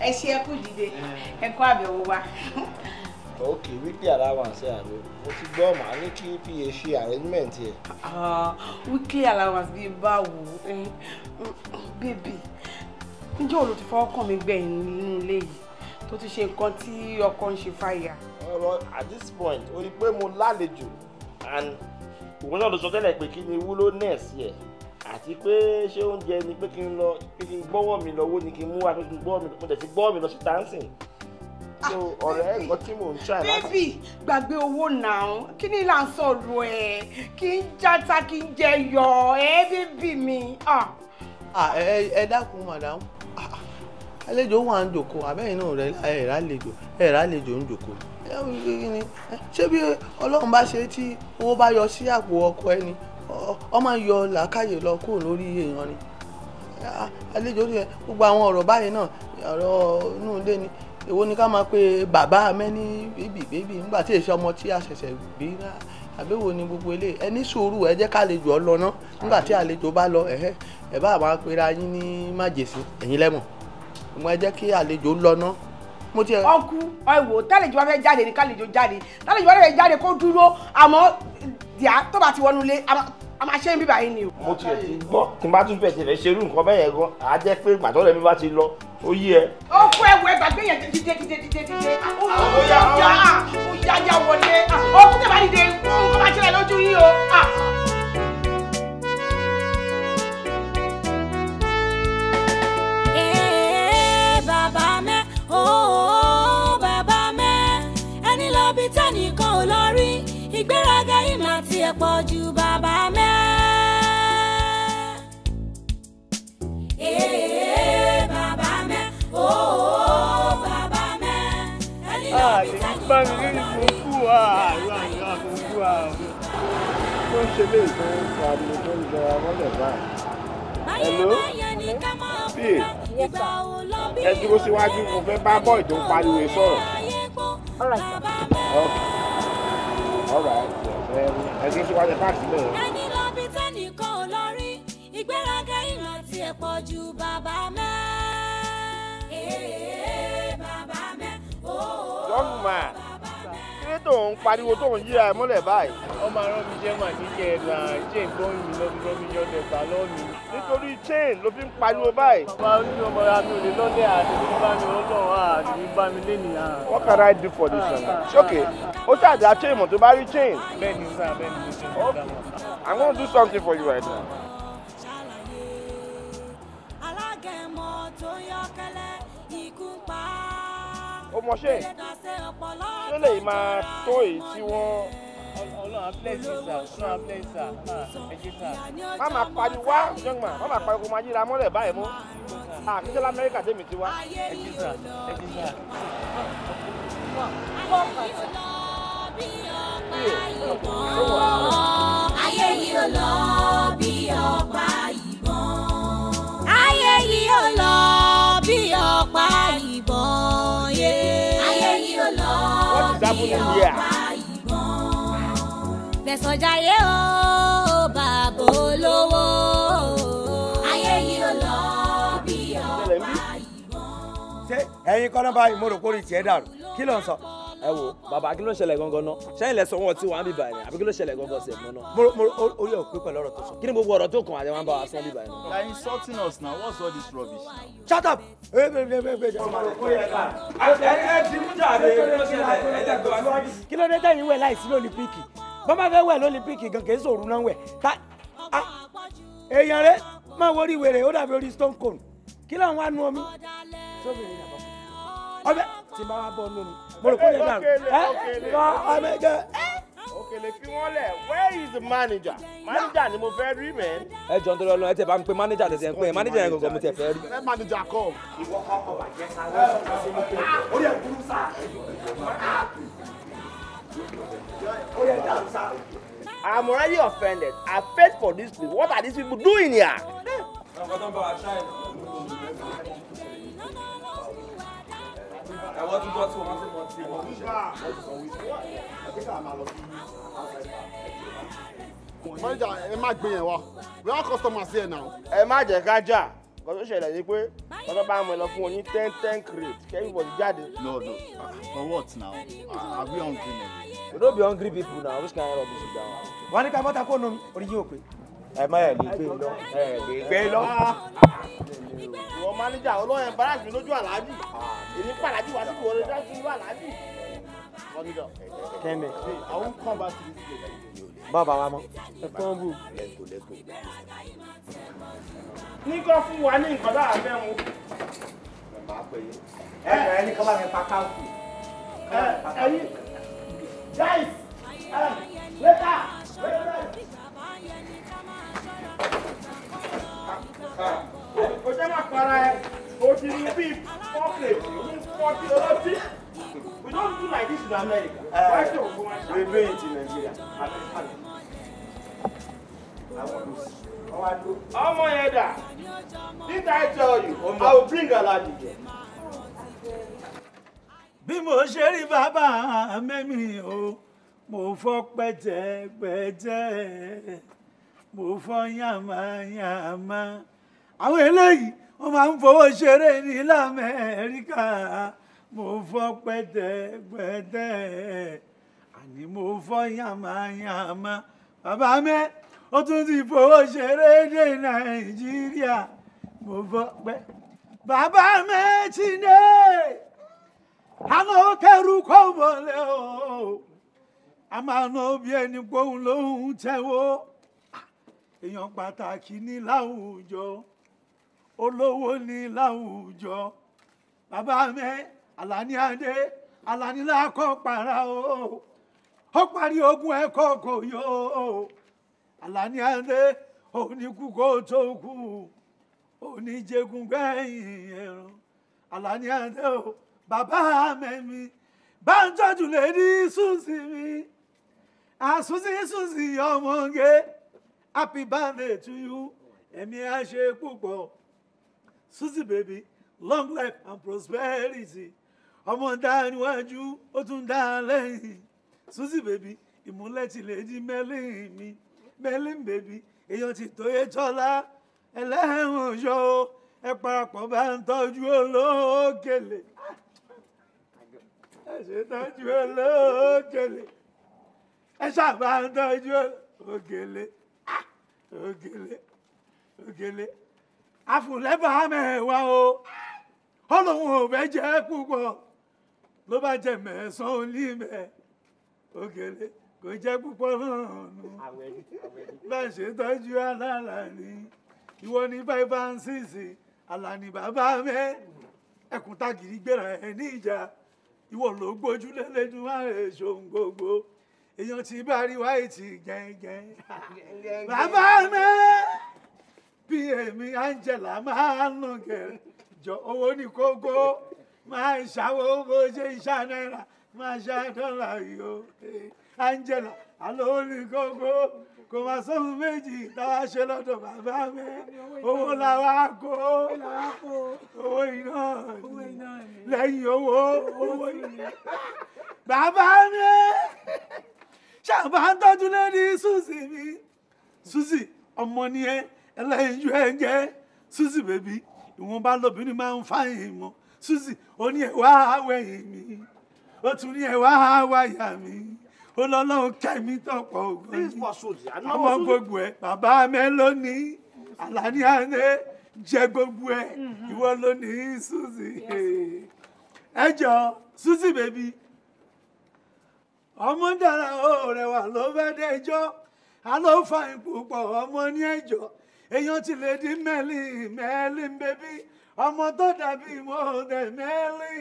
ẹ ṣe ẹ kú dìde ẹ kú àbẹ̀wò wa. ok wíkì allowance àbẹ̀ mo ti gbọ́ màá ní kí pa ṣe arrangement yẹ. Ah, wíkì allowance bíi báwo bébì níjẹ́ òun ló ti fọwọ́ kàn mí gbẹ̀yìn nínú ilé yìí tó ti ṣe nǹkan tí ọkọ ń ṣe fàyà. ọ̀rọ̀ at this point o rí i pé mo lálejò and òun náà ló sọ tẹ́lẹ̀ pé kí ni wúlò nẹ́ẹ̀sì ẹ̀ àti pé ṣé oúnjẹ ni pé kí n lọ pé kí n gbọ́wọ́ mi lọ́wọ́ ni kí n mú wa pé kí n gbọ́wọ́ mi mo tẹ̀ sí gbọ́wọ́ mi lọ sí tansin ah, so ọ̀rẹ́ ẹ̀kọ́ tí mò ń ṣàì láti. bébì gbàgbé owó náà kí ni là ń sọ̀rọ̀ ẹ̀ kí n jata kí n jẹ yọ ẹ́ bébì mi. Ah. Ah, ẹ dákun madam àlejò wà ń jòkó àbẹ́yìn náà rẹ̀ ẹ̀rá àlejò ẹ̀rá àlejò ń jòkó ṣé bí ọlọ́run bá ṣe tí owó bá yọ sí àpò ọkọ ẹni ọ ma yọ làákàyè lọ kúrò lórí èèyàn ni àlejò rí ẹ gbogbo àwọn ọ̀rọ̀ báyìí náà ọ̀rọ̀ inú ilé ni èwo ni ká máa pe bàbá mẹ́ni bébì bébì nígbà tí èso ọmọ tí a ṣẹ̀ṣẹ̀ bí náà àbẹ̀wò ni gbogbo ilé sùúrù ẹ jẹ́ ọ lọ ná nígbà tí àlejò bá lọ ẹ̀hẹ́ bá ní lẹ́mọ̀ ẹ jẹ́ kí àlejò lọ ná jáde ni kálejò jáde tálejò fẹ jáde a máa ṣe ń bíbá yín ni o. mo ti ẹ̀ ti gbọ́ tí n bá tún bẹ̀tẹ̀ fẹ́ ṣerú nǹkan bẹ́ẹ̀ yẹn gan a jẹ́ pé gbàtọ́ rẹ̀ mi bá ti lọ ó yí ẹ. ó kú ẹwù ẹgbà gbé yẹn dídé dídé dídé dídé ah, ó yá ó yá yá wọlé ah, ó kú tẹ̀ bá dìde nǹkan máa ṣẹlẹ̀ lójú yín o. Ah. Eh, bàbá mi. yẹ pọ̀ ju bàbá mẹ́. bàbá mẹ́ o bàbá mẹ́ ẹni náà ah, bí sáyé bá mi lórí mo kú wa àlọ́ àlọ́ mo kú wa ah. o. tó ń ṣe léyìí tó ń fa mi tó ń jọ ọmọlẹ̀ báyìí. Hello? Bíi ẹ dúró síwájú mo fẹ́ bá bọ́ọ̀ tó ń pariwo sọ̀rọ̀. All right. Okay. All ẹ̀sìn tí wàá tẹ fáàsì ẹni lọ bí tẹnìkan ò lọ ìgbéraga ìnà tí ẹ pọ̀ ju bàbá mẹ́. bàbá mẹ́. young man lóde tó ń pariwo tó ń yíra ẹ mọ́lẹ̀ báyìí. ọmọ aràn mi jẹ́ màá ti jẹ ẹ̀dà chain tó ń yin lọ́dún yọ dẹ̀gbà lọ́ọ̀mì. nítorí chain ló fi ń pariwo báyìí. bàbá mi ò mọra mi ò lè lọ́lẹ̀ àdìbí bá mi lọ́dọ̀ àdìbí bá mi lé nìyà. what can I do for this one? ṣókè ó ṣàdá chain mọ̀ tó bá rí chain. bẹ́ẹ̀ni sá bẹ́ẹ̀ni mo ṣe é dáná. I'm gonna do something for you right now. ó mọṣẹ́ ṣé lè máa tó èyí tí wọ́n. ọlọ́run aflẹ́sì sà ọlọ́run aflẹ́sì sà máa sà. má máa pariwo wá young má máa pariwo máa yíra mọ́lẹ̀ báyìí mú àkíṣe ah, lamẹ́ríkà tèmi ti wá. ẹjẹ sà ẹjẹ sà. ayé yìí ò lọ bí ọ̀pá ìbọn. ayé yìí ò lọ bí ọ̀pá ìbọn. yeah. Fẹ̀sọ̀jayé o. ẹ̀yin kọ́nà báyìí mo rò kórè tiẹ̀ dàrú kí ló ń sọ. ẹ wo bàbá kí ló ń ṣẹlẹ̀ gangan náà sẹ́yìn lẹ́sọ̀ wọn ti wà ń bíbà yẹn àbí kí ló ṣẹlẹ̀ gangan sí ẹ̀mọ́ náà. mo mo orí ẹ̀ pé pẹ̀lú tó sọ. kí ni gbogbo ọ̀rọ̀ tó kàn àti wọn bá wa sọ bíbà yẹn. you are insulting us now what's all this rubbish. shut up. kí ló dé tẹ̀yìn wẹ̀ láìsí lólípíìkì bọ́mọ fẹ́ wẹ̀ lólípíìkì gan kì í sòrùn náà wẹ̀ èèyàn rẹ máa wọrí wèrè ọbẹ̀ tí bá wá bọ́ nínú mo rò kó lè dànù ẹ wá ọmọ ẹgbẹ́. òkèlè fi wọn lẹ where is the manager manager ni mo fẹ́ rí mẹ. ẹ jọ nítorí Ọlọ́run ẹ tẹ bá ń pe manager tẹsẹ ń pe manager yẹn gangan mo tẹ fẹ́ rí. ẹ manager kọ. ìwọ kọ kọ bàjẹ́ ká lọ́sọ̀ lọ sí ilé yẹ kúrú sá ó yẹ dàrú sá. I'm already offended. I paid for this thing. What are these people doing here? ẹ̀wọ́n tún gbọ́ tí wọ́n ti mọ̀ tí wọ́n ti ṣe wọ́n ti sọ wíṣọ. àgbéṣà máa lọ sí mọ́nìjà ẹ má gbé yẹn we are customers here now. ẹ má jẹ́ ká jà nǹkan tó ṣẹlẹ̀ ni pé bàbá bá mọ̀ lọ fún wọn ní ten ten crate kí everybody jáde. no no for what now ah, are we hungry now. we no be hungry people now which kind of rubbish you dey on. wọ́n ní ká bọ́ta kó nomi orí yóò pé ẹ má ẹ lè gbé lọ ẹ lè gbé lọ. ìwọ mánéjà ọlọ́yẹ̀ báràsì mi lójú àlájì èmi pàdájì wá sí ìwọlé dájú ìlú àlájì. kẹ́mi àwọn kan bá ti di bàbá wa mọ. ẹ kàn bù. ní kó fún wa ní nǹkan dáa fẹ́ mu. ẹ ẹ ní kọ́ bá mi pa káàkù. ẹ ẹ ní guys ẹ wẹ́tà wẹ́tà ó máa para ẹ òdì ní bíi pocket ní forty we don't do like this in America. Uh, we do it in Nigeria. ọmọ yẹn dà did I tell you I will bring Alhaji here. bí mo ṣe rí bàbá mẹ́mi o mo fọ́ pẹ́tẹ́pẹ́tẹ́ mo fọ́ yàmáyàmá àwọn eléyìí wọ́n máa ń fowó ṣeré ní lamẹ́ríkà mo fọ́ pẹ́tẹ́pẹ́tẹ́ àní mo fọ́ yàmáyàmá bàbá mẹ́ ó tún ti fowó ṣeré dé nàìjíríà mo fọ́ pẹ́ bàbá mẹ́ ti dé àná kẹrù kọ́ wọlé o a máa ná bí ẹni pé òun lòún tẹ́wọ́ èèyàn pàtàkì ní láwùjọ olówó ni láwùjọ bàbá mi Àlàní Adé Àlàní lákọ para o ó parí ogun ẹkọ kò yó Àlàní Adé òní kú kó tó kú òní jẹgun gbẹ̀yìn ẹ̀rùn Àlàní Adé o bàbá mẹ́mi bá ń tọ́jú lè ní sùnsì mi àsùnsì sùnsì ọmọge happy birthday to you ẹ̀mí àṣẹ púpọ̀. Suzy baby long life and prosperity ọmọ dá níwájú ó tún dá lẹ́yìn Suzy baby ìmúlẹ̀ tilẹ̀ jí mẹ́lìn mi mẹ́lìn baby èèyàn ti tóye tọ́lá ẹlẹ́wọ̀n yọ ẹ parapọ̀ bá ń tọ́jú olóògèlè ẹ ṣe tọ́jú olóògèlè ẹ ṣàbá ń tọ́jú olóògèlè ògèlè ah! ògèlè àfùlẹ́bà mẹ́wàá o ọlọ́run ò fẹ́ jẹ́ púpọ̀ ló bá jẹ mẹ́sàn-án onímẹ̀ ògèlè kò jẹ́ púpọ̀ náà nù bá a ṣe tọ́jú alálàní ìwọ ní fáìfà ń sísì àlàní bàbá mẹ́ ẹkùn tágìrì gbéra ẹ ní ìjà ìwọ ló gbójú lẹ́lẹ́dún wá èso gbogbo èèyàn ti bá rí wáyé ti gẹ́gẹ́ bàbá mẹ́ bí èmi Angela máa ń nù gẹ̀rẹ́ jọ owó ní kókó máa ṣàwọ̀ owó ṣe iṣẹ́ náírà máa ṣe dọ́là yìí o Angela àlọ́ ní kókó kò máa sóhun méjì táwa ṣe lọ́dọ̀ bàbá mi owó làwa kó owó iná lẹ́yìn owó owó iná bàbá mi ṣàbá ń tọ́jú lẹ́ni Suzy mi Suzy ọmọ ni ẹ́ ẹlẹ́yinjú ẹ̀ ń jẹ́ Suzy bèbí ìwọ̀nba lóbìnrin máa ń fáyìn mọ́ Suzy ó ní ẹ̀wá àwẹ̀yìn mi ó tún ní ẹ̀wá àwáyà mi ó lọ́lọ́run kẹ́mi tọ̀pọ̀ ògbọ́n yìí ọmọ gbogbo ẹ̀ bàbá mẹ́lónì Àlàní Àndé jẹ gbogbo ẹ̀ mm-hmm. ìwọ lónìí Suzy ẹ jọ Suzy bèbí ọmọ dára ó rẹwà ló fẹ́ dẹjọ́ a ló fa ipò pọ̀ ọmọ ní ẹjọ́ èèyàn ti lè di mẹ́lì mẹ́lì bébí ọmọ tó dàbí mọ́ọ̀dẹ̀ mẹ́lì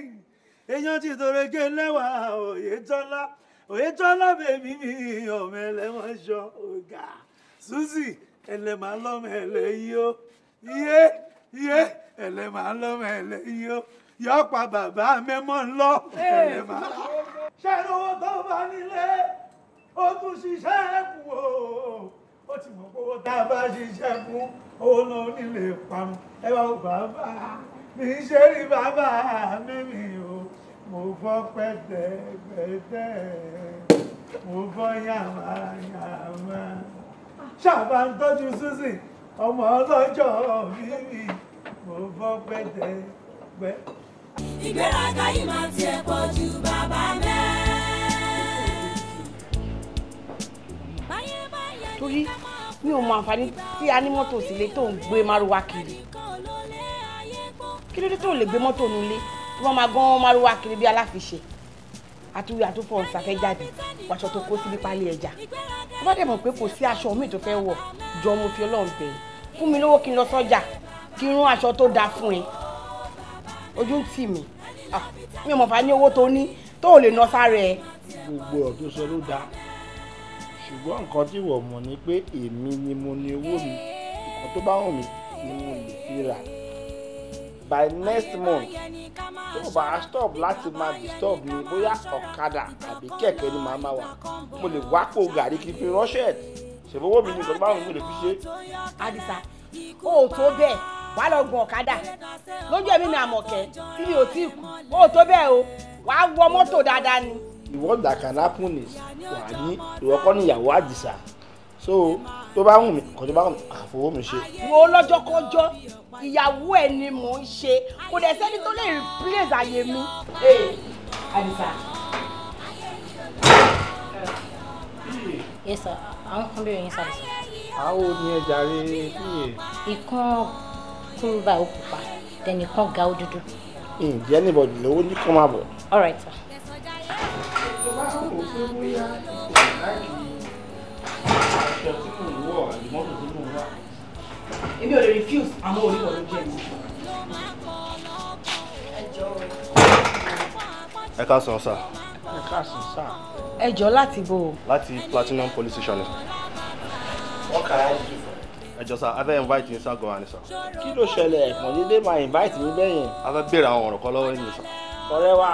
èèyàn ti tòrege lẹ́wà òyetọ́lá òyetọ́lá bèbí mi ọmọ ẹlẹ́wọ̀n ṣọ ọ̀gá suzy ẹlẹ́mà lọ́mọ ẹlẹ́yìí ó yé yé ẹlẹ́mà lọ́mọ ẹlẹ́yìí ó yọ pa bàbá mẹ́mọ́ ńlọ. ṣẹ́ni owó tó bá nílé ó tún ṣiṣẹ́ ẹ̀kú o ó ti mọ̀ pé owó tá a bá ṣiṣẹ́ fún owó náà nílé parun ẹ wá ó bàbá mi ṣe rí bàbá mi mi o mo fọ́ pẹ́tẹ́pẹ́tẹ́ mo fọ́ yàmáyàmá ṣàbá ń tọ́jú Suzy ọmọ ọlọ́jọ́ bíbí mo fọ́ pẹ́tẹ́pẹ́. ìgbéraga yìí máa tiẹ̀ pọ̀ ju bàbá mẹ́rin. torí mi ò mọ àǹfààní tí a ní mọ́tò sílé tó ń gbé márúwá kiri kí ló dé tó lè gbé mọ́tò nulẹ̀ tí wọ́n máa gán márúwá kiri bí aláfiṣe àtúwì àtúfọ̀ ọ̀sàfẹ́ jáde wàṣọ tó kó síbi pálí ẹja tó bá dẹ̀ mọ̀ pé kò sí aṣọ mi tó fẹ́ wọ̀ jọ mo fi ọlọ́run bẹ̀ ẹ́ fún mi lówó kí n lọ sọ́jà kí n rún aṣọ tó dáa fún ẹ ojú ń tì mí ah, mi ò mọ̀ fà ní owó tó ní tó lè ná sáré ẹ. gbogbo ọ̀ tó sọ ló dáa ṣùgbọ́n nǹkan tí wọ́n mọ̀ ni pé èmi ni mo ní owó mi nǹkan tó bá wù mí ni mo lè fi rà by next month tó o bá stop láti máa disturb mi bóyá ọ̀kadà àbí kẹ̀kẹ́ ni màá máa wà mo lè wá kó gàrí kí n fi ránṣẹ́ ṣèbówó mi ni nǹkan tó bá wù mí lè fi ṣe. àdìsá o tó bẹ́ẹ̀ wàá lọ gun ọ̀kadà lójú ẹ̀mí ni àmọ̀kẹ́ tí mi ò tí ì kú o tó bẹ́ẹ̀ o wàá wọ mọ́tò dáadáa ni what that can happen is wà ní ìwọ kọ́ níyàwó àdìsá so tó bá wù mí kò tó bá wù mí àfọwọ́ mi ṣe. wo lọ́jọ́kọ́jọ́ ìyàwó ẹ̀ ni mò ń ṣe kò dẹ̀ sẹ́ni tó lè replace àyè mi. ee àdìsá. yẹ sọ àwọn kan bẹ̀rẹ̀ yín sàbẹ̀sọ. àwọn ò ní ẹja rẹ kíyè. ìkan kúrúbà ó pupa tẹnìkan ga ó dúdú. ǹjẹ́ níbọ̀dì lówó ní kọ́ máa bọ̀. all right sir wò pé bóyá láìkí aṣọ tí mò ń wọ̀ àlùmọ́tò tí mò ń wà. èmi ò lè refuse àmọ́ oníwọ̀ ló jẹ́ ẹ káàsán sá. ẹ káàsán sá. ẹ jọ láti bò. láti platinum police station ni. wọ́n kàrá yìí ẹjọ sá a fẹ́ invite yín sáà gan-an ni sá. kí ló ṣẹlẹ̀ ẹ̀kan dédé máa invite mi bẹ́yẹn. a fẹ́ béèrè àwọn ọ̀rọ̀ kan lọ́wọ́ yín sá. ọ̀rẹ́ wa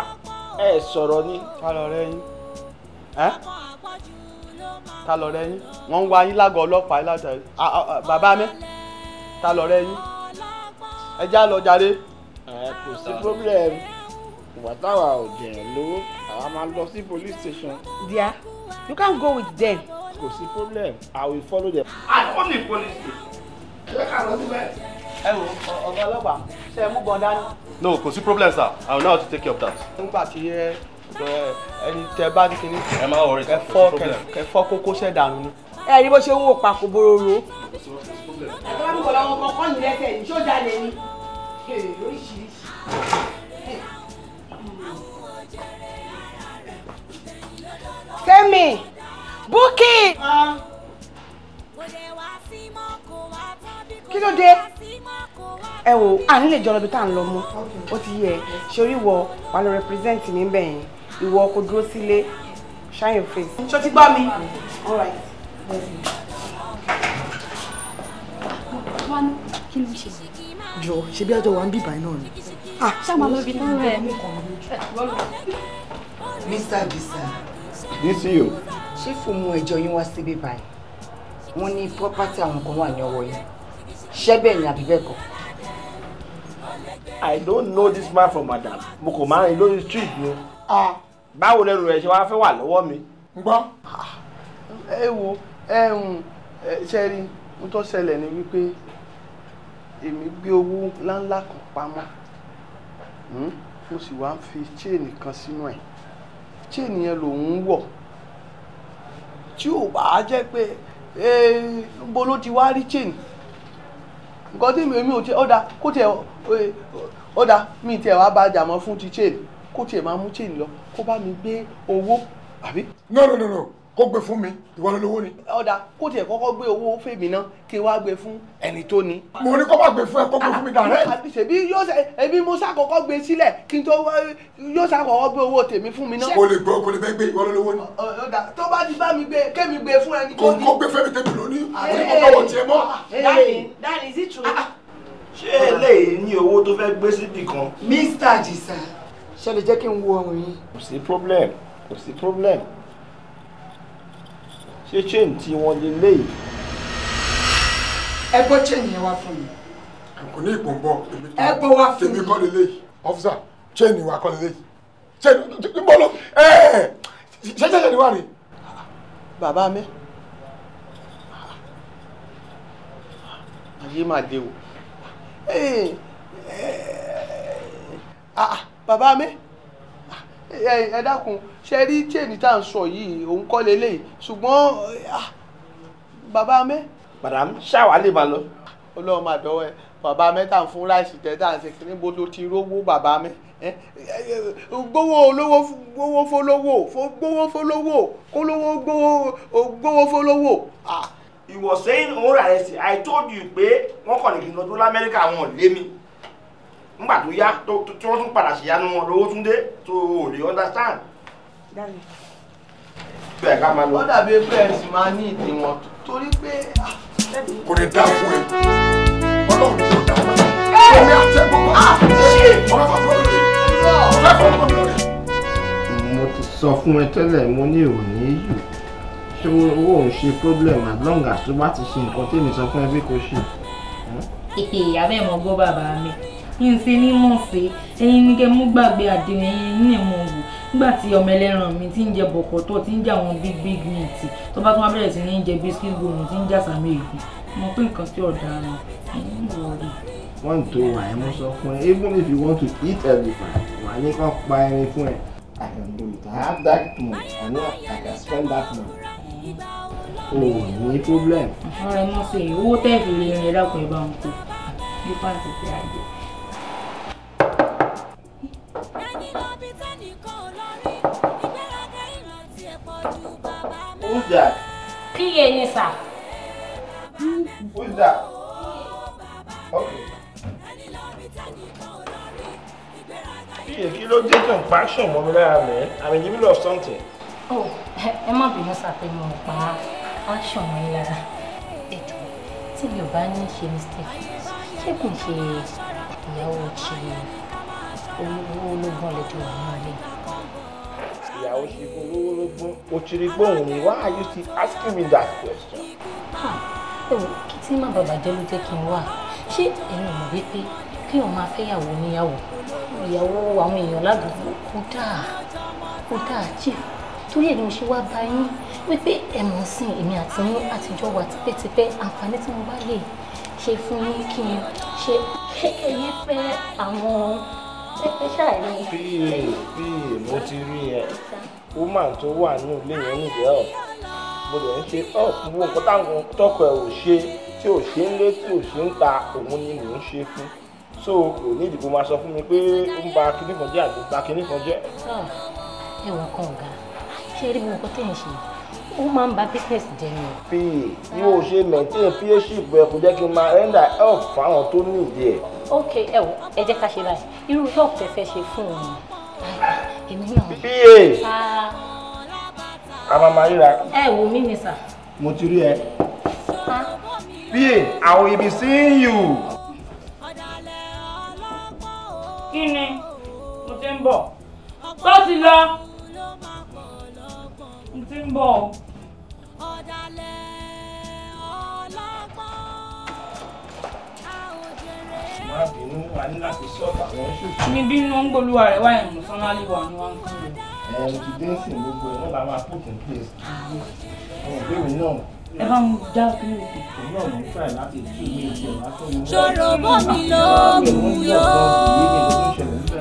ẹ sọ̀rọ̀ ni. ká lọ rẹ́ yín ta lọ rẹ yín wọ́n ń wá yín lágọ̀ọ́ ọlọ́pàá láti bàbá mi ta lọ rẹ yín ẹ já lọ jàre. kò sí problem ìwà táwa ò jẹ̀yàn lówó àwa máa lọ sí police station. dear you can go with them. kò sí problem i will follow them. i come police station. ṣé ká lọ síbẹ̀. ẹ wo ọ̀gá ọlọ́pàá ṣe é mú gbọ̀n dání. no kò sí problem sir i will now to take care of that. nígbà tí ẹ ẹni tẹ bá ti kíní ẹfọ kẹfọ kókó ṣẹ dànù ni. ẹ ní bó ṣe ń wò papò bororo. ẹ̀fọ́ mi kọ̀ lọ́wọ́ kọ́kọ́ ní lẹ́sẹ̀ ní sójà lè ní. Fẹ́mi Bukky. kí ló dé ẹ wò à ń lè jọ lọ bí tá à ń lọ mú ó ti yẹ ṣorí wọ wà lọ represent mi bẹ́ẹ̀ yẹn ìwọ kò dúró sílé shine your face. ṣó ti gbọ́ mi. all right. kí ló ń ṣe jọ ṣe bí àjọ wa ń bí ìbàyìí náà ni. Ah, ṣáà lọ bí tán rẹ. mr bisa this you. ṣé fòmù ẹjọ́ yín wá síbí báyìí wọ́n ní property àwọn kan wà ní ọwọ́ yín ṣẹbẹ ni àbí bẹ́ẹ̀ kọ́. i don't know this man from madam mo kò máa ń lórí street ni. ah báwo lẹrù rẹ ṣe wá fẹ́ wà lọ́wọ́ mi. ń gbọ́. Ah, ẹ wo ẹ ń ṣe rí n tó ṣẹlẹ̀ ni wípé èmi gbé owó ńláńlá kan pamọ́ hmm? mo sì wá ń fi chain kan sínú ẹ̀ chain yẹn lòún wọ̀ tí ò bá jẹ́ pé bo ló ti wá rí chain nǹkan tí èmi ò tiẹ̀ ọ̀dà kó tiẹ̀ ọ̀dà mi tiẹ̀ wá bá a fún ti chain kó tiẹ̀ máa mú chain lọ kó bá mi gbé owó àbí. no no no no kó gbé fún mi ìwà lólówó ni. ọ̀dà kó tiẹ̀ kọ́kọ́ gbé owó fèmí náà kí n wá gbé fún ẹni tó ní. mo ní kó má gbé fún ẹ kó gbé fún mi ah, dàrẹ́. ṣèbí yóò ṣe ẹbí mo ṣàkọ́kọ́ gbé sílẹ̀ kí n tó yóò ṣàkọ́kọ́ gbé owó tèmi fún mi náà. kò lè gbọ́ kò lè fẹ́ gbé ìwà lólówó ni. ọ̀dà tó bá ti bá mi gbé kémi gbé fún ẹni tó ní. kò gbé fẹ́mi tèmi lónìí mo ní kó bá wọ̀ tiẹ̀ mọ́. Eh, dani eh. dani is it true? Ah, ah. ṣé eléyìí ní owó tó fẹ́ gbé síbì kan. mr jisa ṣe lè jẹ́ kí n wo ọrùn yín. kò sí problem kò sí problem ṣé chain tí wọ́n lè léyìí. ẹ gbọ́ chain yẹn wá fún mi. kò ní ìpò ń bọ̀ ẹ gbọ́ wá fún mi. èmi kọ́ lè léyìí officer chain wa kọ́ lè léyìí chain ń bọ̀ lọ ṣé chain wà rè. bàbá mi ayé máa dé o bàbá mi ẹ dákun ṣe rí chain tá à ń sọ yìí òun kọ́ lélẹ̀ ṣùgbọ́n ah, bàbá mi. madam ṣáwa lè máa lọ. ọlọ́run máa dọ́wọ́ ẹ bàbá mi tá à ń fún ráìsì tẹ́ tá à ń ṣe kí níbo ló ti rówó bàbá mi. gbowó olówó gbowó fọlọ́wọ́ gbowó fọlọ́wọ́ kólówó gbowó gbowó fọlọ́wọ́. Ah. you were saying all right I told you pé wọ́n kàn ní kí n lọ tó lamẹ́ríkà wọn lé mi nígbà tó yá tí wọ́n tún padà ṣìyanu wọn lówó tún dé tó o lè understand. bẹ́ẹ̀ ká máa lọ. ó dàbí pé ẹ̀sìn máa ní ìdí wọn torí pé. Ah, kò lè dá fún ẹ ọlọ́run kò dá wọn. omi àtẹ̀gbọ́n ọ̀rọ̀ fún mi lórí ọ̀rọ̀ fún mi lórí. mo ti sọ fún ẹ tẹ́lẹ̀ mo ní òní yìí ṣé owó ò ń ṣe problem as long as tó bá ti ṣe nǹkan tí èmi sọ fún ẹ bí kò ṣe. àbẹ́ mọ̀ gbọ́ bàbá mi yín ṣe ní mọ̀ ṣe ẹ̀yin ní kẹ́ mú gbàgbé àdéhùn ẹ̀yin ní ìmọ̀ òwò nígbà tí ọmọ ẹlẹ́ran mi ti ń jẹ bọ̀kọ̀tọ̀ tí ń jẹ àwọn big big meat tó bá tún wá bẹ̀rẹ̀ sí ní jẹ biscuit gbòòrùn tí ń jẹ àsàmì èkó mo pé nǹkan tí ọ̀dà ni ẹ̀yin ń rí. wọ́n tó wà ẹ́ sọ fún ẹ even if you want to eat elephant wà ní kàn pa ẹni fún ẹ. I can do it. I have that money. I can spend that money. O ò ní problem. Ọ̀rẹ́ mọ̀ sí owó tẹ́ẹ̀fì lè rìn ẹ̀dá kan ìbámu kù. Bí pàǹtí ti àjẹ́. Who's that? PA ni sir. Who's that? Okay. PA kí ló dé tó ń pa action mọ́ mi lára mẹ́? I'm in the middle of something. Oh, ẹ má bínú sá pé mo pa action mọ́ mi lára. Ètò tí mi ò bá ní ṣe mistake, ṣé kò ṣe ìyàwó ṣe olówó ológun ọ̀lẹ́jọ́ wà náà lẹ́yìn? why are you still asking me that question? Ẹ̀wò kí tí má bàbá jẹ́ ló jẹ́ kí n wà. Ṣé ẹ̀yin ò mọ̀ wípé kí wọ́n máa fẹ́yàwó níyàwó? Ìyàwó àwọn chief. Torí ni mo ṣe wá bá yín wípé ẹ mọ̀ sí èmi àti yín àtijọ́ wa tipẹ́tipẹ́ àǹfààní tí mo bá lè fún yín kí n ṣe ẹ̀yẹ fẹ́ àwọn ṣáà ní. mo ti rí ẹ woman tó wà ní ilé yẹn nídìí ọ mo lè ń ṣe ọ gbogbo nǹkan táwọn tọkọ ẹ ò ṣe tí ò ṣe ń lé tí ò ṣe ń ta òun ni mò ń ṣe fún so kò ní ìdìbò máa sọ fún mi pé ó ń ba kinní kan jẹ́ àti ba kinní kan jẹ́. ẹ wọ kàn ọ̀gá ṣé rí gbogbo nǹkan tẹ̀ ń ṣe ó máa ń ba business jẹ́ ni. fi bí o ṣe maintain peership ẹ kò jẹ́ kí n máa render help fáwọn tó ní ìdí ẹ̀. ok ẹ wo ẹ jẹ́ ká ṣe báyìí irú help tẹ fẹ́ ṣe fún òun èmi náà. pa ah. a máa máa ríra. ẹ wo mí ni sà. mo ti rí ẹ. Ah. pa I will be seeing you. kí ni mo ti ń bọ̀ tó ti lọ n ti ń bọ̀. ọ̀dàlẹ̀ ọlọ́gbọ́n. má bínú wa ní láti ṣọ́ọ̀tà wọn ṣùkú. níbí ni wọ́n ń gbóluwa rẹ̀ wáyé mùsọ́nálì wà ní wọn kú. ẹ mo ti dé sí gbogbo ẹ wọn bá máa put in place. ọmọ ìbéèrè náà ẹ bá mú já kúrò. ṣòro bómi ló mú yó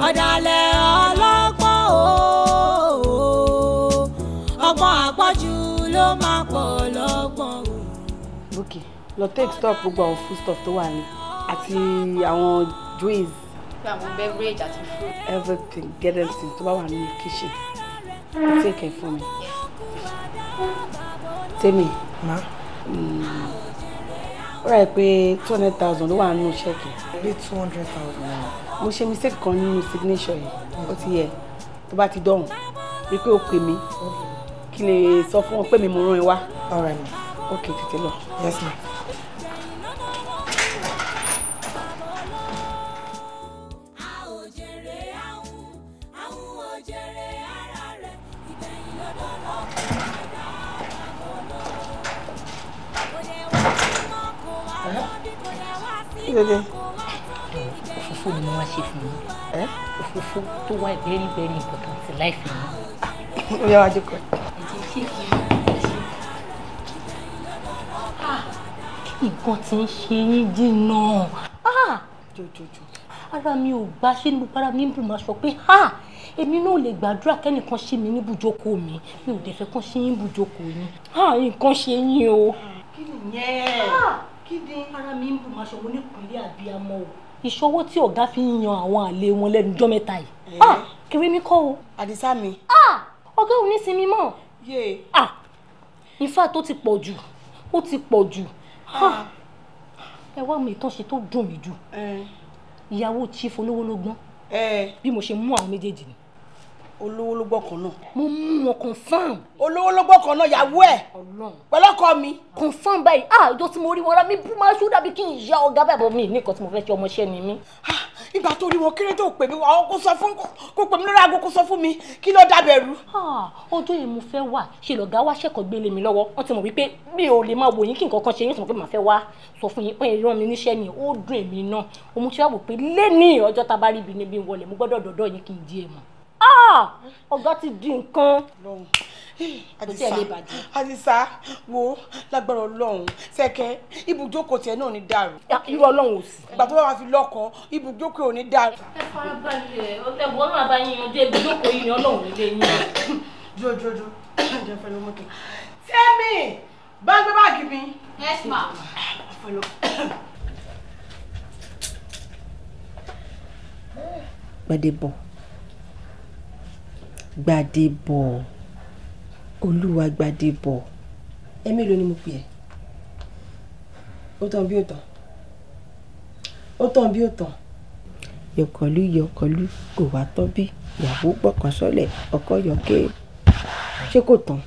ọ̀dàlẹ̀ ọlọ́gbọ́n o. lọ take stock gbogbo àwọn food stuff tó wà ní àti àwọn juice. pé àwọn beverage àti fruit. everything get everything tó bá wà nínú kitchen you take care for me. tèmi. ma. Mm, ó rà pé two hundred thousand ló wà nínú ṣẹ́ẹ̀kì. bí two hundred thousand naira. mo ṣe mistake kan nínú signature yìí ó ti yẹ tó bá ti dọ̀hùn rí i pé ó pè mí kí lè sọ fún ọ pé mi mo rán ẹ wá. ọ̀rẹ́ mi. ok tètè lọ. yes ma. kí ló dé. òfófó ni mo wá ṣe fún mi òfófó tó wá very very important to life mi. ó yà wá jókòó. ẹ̀jẹ̀ ṣé ah, kí nǹkan tí ń ṣe yín jìnnà ah, jòjòjò ara mi ò gbà ṣé ni mo bára mi ń bù máa sọ pé ah, èmi náà lè gbàdúrà kẹ́nìkan ṣe mí ní bùjókòó mi mi ò dẹ̀ fẹ́ kán ṣe yín bùjókòó yín nǹkan ṣe yín o. kí nìyẹn kíni ara mi ń bù máa ṣòwò nípínlẹ̀ àbíyamọ o. ìṣòwò tí ọ̀gá fi ń yan àwọn àlè wọn lẹ́nu jọ́ mẹ́ta yìí. ah kiri mi kọ́ o. àdìsá mi. ah ọ̀gá ò ní sinmi mọ́. yé. ah ifá tó ti pọ̀ jù ó ti pọ̀ jù. Ah. Ah, ẹ wá mi ìtàn ṣe tó dùn mí jù. ìyàwó chief olówó ló gbọ́n. bí mo ṣe mú àwọn méjèèjì ni olówó ló gbọ́ kan náà. mo mú wọn confam. olówó ló gbọ́ kan náà yàwó ẹ̀. Ọlọ́run mi. confam báyìí ah ìjọ tí mo rí wọn rá mi bú máa ṣú dàbí kí n ya ọ̀gá bẹ́ẹ̀ bọ̀ mi nìkan tí mo fẹ́ ṣe ọmọọṣẹ́ ni mí. Ah, ìgbà tó rí wọn kéré tó pè mí àwọn kò sọ fún kò pè mí lórí aago kò sọ fún mi kí ló dábẹ̀ rú. Ah, ọjọ́ yẹn mo fẹ́ wà ṣe lọ̀gá wá ṣẹ̀kọ̀ gbélé mi lọ́wọ́ wọ́n ti mọ̀ wípé mi ò lè máa wò yín kí nǹkan kan ṣe yín sọ pé màá fẹ́ wá sọ fún yín pé ìran mi níṣẹ́ ni ó dùn èmi náà òun ti wá wò pé lẹ́ni ọjọ́ tabaríbi níbi mo Ah! ọ̀gá ti di nǹkan àdìsá àdìsá wo lágbára ọlọ́run sẹ́kẹ́ ibùjókòó tiẹ̀ náà ní dàrú. irú ọlọ́run ò sí. ìgbà tó bá wà fi lọ́kọ̀ ibùjókòó ò ní dàrú. ẹ fara balẹ̀ ẹ̀wọ̀n ọlọ́run àbáyé yanjú ibùjókòó yìí ni ọlọ́run nílé yín. jojojo ǹjẹ́ fẹ́ ló mọ́tò. tẹ́mi bá gbé báàgì mi. yes ma. gbàdébọ̀ gbàdébọ̀ olúwa gbàdébọ̀ ẹ mélòó ni mo pè ẹ́ ó tán bí ó tán ó tán bí ó tán. yọkọlú yọkọlú kò wá tọ́ bí ìyàwó gbọ̀kàn sọ́lẹ̀ ọkọ yọké ṣé kò tán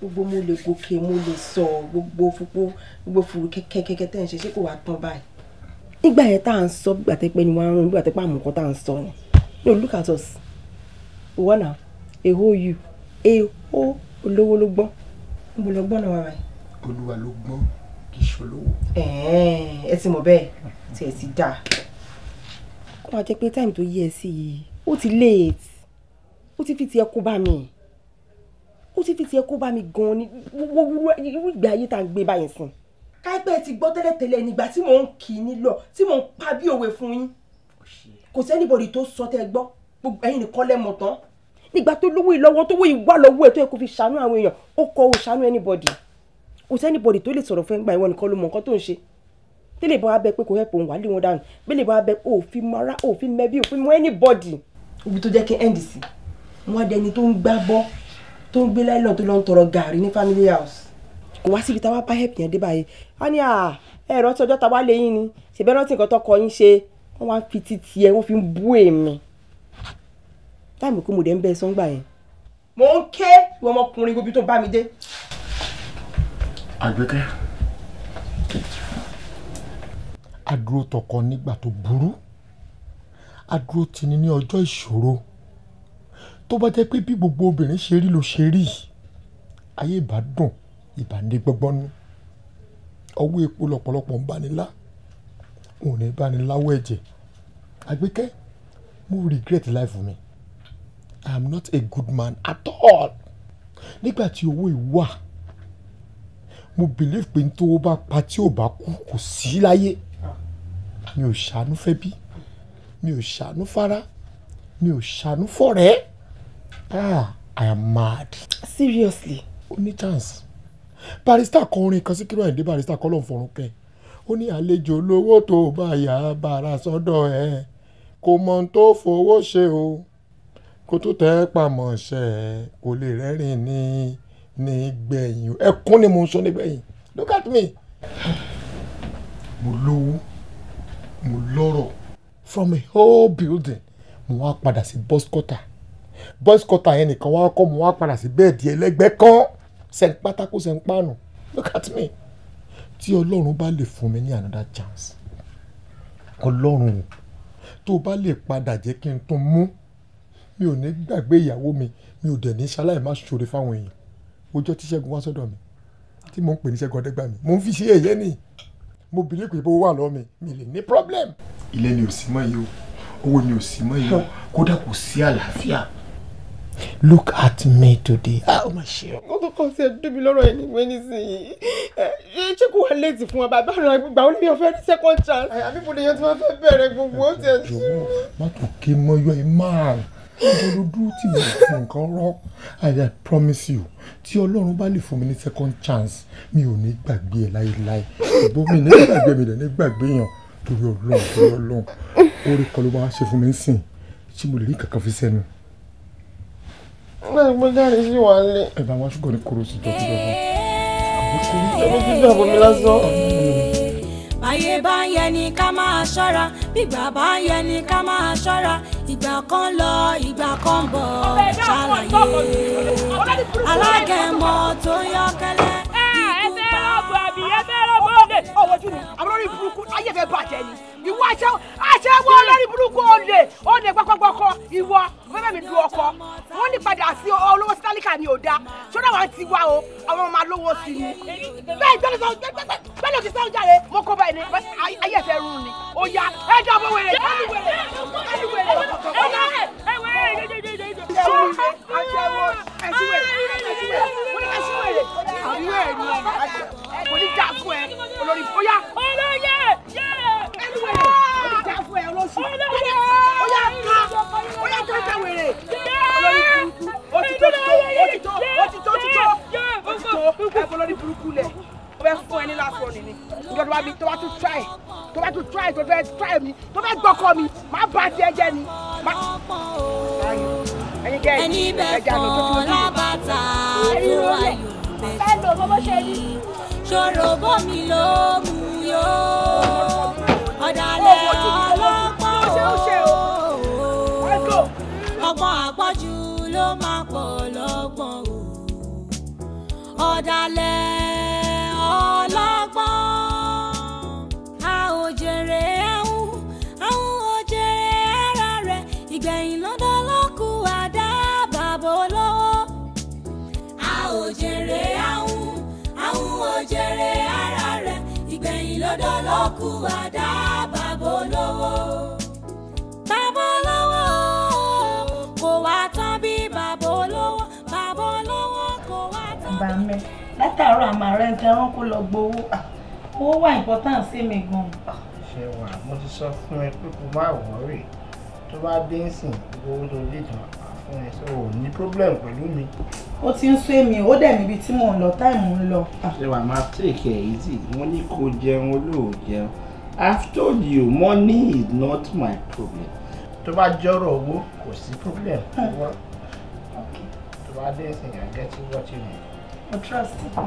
gbogbo mo lè gòkè mo lè sọ gbogbo fúnpọ gbogbo fúru kẹkẹkẹkẹ tẹ ń ṣe ṣé kò wá tán báyìí. nígbà yẹn tá à ń sọ gbàtẹ́pẹ́ ni wọ́n á rún nígbà tẹ́pẹ́ àmọ̀kọ́ tá à ń sọ ni no look at us we won now èho yù èho olówó ló gbọ́n mo lọ gbọ́n náà wà báyìí. olúwa ló gbọ́n kì í ṣolówó. ẹ ti mọ̀ bẹ́ẹ̀ tí ẹ ti dáa. kó máa jẹ́ pé táìmù tó yí ẹ sí yìí ó ti léètì ó ti fi tiẹ̀ kó bá mi ó ti fi tiẹ̀ kó bá mi gan-an ní irú ìgbé ayé tá à ń gbé báyìí sìn. káìpẹ́ ti gbọ́ tẹ́lẹ̀tẹ́lẹ̀ nígbà tí mò ń kì í nílọ tí mò ń pa bí òwe fún yín kò sẹ́nibọ̀dì tó sọ tẹ́ gbọ́ gbogbo ẹ̀yin nìkan lẹ́mọ̀ tán nígbà tó lówó ìlọ́wọ́ tó wó ìwà lọ́wọ́ ẹ̀ tó yẹ kó fi ṣàánú àwọn èèyàn ó kọ́ ó ṣàánú anybody kò anybody tó lè sọ̀rọ̀ fún ẹgbà ìwọ nìkan ló mọ nǹkan tó ń ṣe tẹ́lẹ̀ bá wa bẹ pé kò help òun wà lé wọn dànù bẹ́lẹ̀ bá wa bẹ òfin mara òfin mẹ́bí òfin mọ anybody. ibi tó jẹ́ kí ndc wọn dẹni tó ń gbá bọ́ tó ń gbé láìlọ́ tó lọ ń tọrọ gàrí ní family house. kò wá síbi táwa bá help yẹn dé báyìí wọn ní ẹ̀rọ tí ọjọ́ ta wá lé yín ni ṣèbẹ́ rántí nǹkan tọkọ yín ṣe wọ́n wá fi títí ẹ wọ́n fi ń bú èmi táìmù kó mo dẹ̀ ń bẹ sọ́ngbà yẹn. mo ń ké ìwọ ọmọkùnrin gbogbo tó bá mi dé. àgbẹ̀kẹ́ adúró tọkọ nígbà tó burú adúró tini ní ọjọ́ ìṣòro tó bá jẹ́ pé bí gbogbo obìnrin ṣe rí ló ṣe rí ayé ìbá dùn ìbá ní gbọ́gbọ́nú ọwọ́ epo lọ́pọ̀lọpọ̀ ń bani lá òun ní bani láwọ́ ẹ̀jẹ̀ àgbékẹ́ mo regret life mi I am not a good man at all nígbà tí owó yìí wà mo believe pé tó o bá pa tí o bá kú kò sí láyé mi ò ṣàánú fẹ́bí mi ò ṣàánú fara mi ò ṣàánú fọ̀rẹ́ ah I am mad. seriously. ó ní chance barista kan orin kan Síkírù Àyìndé barista kan ló ń fọrùn kẹ ó ní àlejò olówó tó bá yà á bàrà sọ́dọ̀ ẹ kò mọ̀ tó fowó ṣe o kó tó tẹ́ pàmò ṣe kò lè rẹ́rìn ní ní gbẹ̀yìn ẹkún ni mo ń sọ nígbẹ̀yìn look at me. mo lówó mo lọ́rọ̀ from a whole building mo wá padà sí bus quarter bus quarter yẹn nìkan wá kọ́ mo wá padà sí bẹ́ẹ̀dì ẹlẹ́gbẹ́ kan sẹ̀ńpátákó sẹ̀ńpáànù look at me tí ọlọ́run bá lè fún mi ní another chance ọlọ́run tó bá lè padà jẹ́ kí n tún mú mi ò ní gbàgbé ìyàwó mi mi ò dẹ̀ ní ṣaláì má ṣòro fáwọn èèyàn ọjọ́ tí ṣẹ́gun wá sọ́dọ̀ mi tí mò ń pè ní ṣẹ́gun ọdẹ́gbà mi mò ń fi ṣe èyẹ ni mo bìlí pé bówó wà lọ́wọ́ mi mi lè ní problem. ilé ni ò sí mọ́ yìí o owó ni ò sí mọ́ yìí o kódà kò sí àlàáfíà. look at me today. a ó máa ṣe ọ. wọ́n tó kọ́ sí ẹdún mi lọ́rọ̀ ẹni wé nísìnyí ṣé ṣé kò wá léètì fún wa bàbá rẹ gbà ọjọ́ ló dúró fún nǹkan rọ́ i promise you tí ọlọ́run bá lè fún mi ní second chance mi ò ní gbàgbé ẹ láéláé ìbò mi ní gbàgbé mi dẹ̀ ní gbàgbé yàn torí ọlọ́run torí ọlọ́run orí kan ló máa ṣe fún mi sìn ṣé mo lè rí kankan fi sẹ́nu. náà mo jáde sí wàá lé. ẹ bá wá ṣùgbọ́n ní koro sí jọ́jú lọ́wọ́. mi lásán báyé bá ń yẹ ni ká máa ṣọ́ra bígbà bá ń yẹ ni ká máa ṣọ́ra ìgbà kan lọ ìgbà kan bọ̀ ṣàlàyé alágẹmọ tó yọ́kẹ́lẹ́ eh, ikú pa ọmọ ẹgbẹ́ rẹ̀ bọ́ọ̀dẹ̀ ọwọ́jú ni àbúrò rí burúkú ayé fẹ́ bàjẹ́ ni ìwọ aṣẹ́wó aṣẹ́wó olórí burúkú olè olè gbọ́kọ́gbọ́kọ́ ìwọ fẹ́fẹ́ mi du ọkọ wọ́n ní padà sí olówó sítálíkà ni ò dáa ṣọ́nà wa ti wá o àwọn ọmọ alówó sí ni bẹ́ẹ̀ gbẹ́lẹ́ sọ gbẹ́lẹ́ òkè sọ́jà rẹ mo kọ́ báyìí ni ayé ẹ̀fẹ́ rún ni ó yá ẹ jẹ́ ọmọ wẹ̀rẹ̀ ẹnu wẹ̀rẹ̀ ẹnu wẹ̀rẹ̀ ẹnu wẹ̀rẹ̀ àbí wẹ́ẹ̀ ni kò ní já ẹ olórí bóyá. olóyè yẹ. ẹnuwe kò ní já ẹ olóṣù. olóyè bóyá ká bóyá ká ká wèrè. olórí burúkú ó ti tó ó ti tó ó ti tó ó ti tó ó ti tó ẹ kò lórí burúkú lẹ ó bẹ fún ẹ ní last one ni nígbà tó bá mi tó bá tún try tó bá tún try tó mi tó bẹ gbọkọ mi má bá tiẹ̀ jẹ́ ni ẹni bẹ fọ lábàtà tó ayọ̀ fẹ́ lò bó ló mú yó ọ̀dàlẹ̀ ọlọ́pàá o àpọ̀jù ló máa pọ̀ lọ́gbọ̀n ọ̀dàlẹ̀. ọ̀dọ̀ ló kù àdá bàbá olówó. bàbá olówó kò wá látàárọ̀ àmà rẹ̀ ń tẹran kó lọ gbowó ah, owó wà important sí mi gan-an. Ah. ṣé wà mo ti sọ fún ẹ pé kó má wọ̀ọ́rì tó bá dé ń sìn gbowó lórí ìtàn àfún ẹ sọ ò ní problem pẹ̀lú mi ó ti ń sún èmi ó dẹ̀ níbi tí mò ń lọ táìmù ń lọ. Ah. ṣé wàá máa take it easy wọ́n ní kó jẹun olóò jẹun I've told you money is not my problem tó bá jọ̀rọ̀ owó kò sí problem hmm. tó bá dé ẹsẹ̀ yàn get what you need. trust you no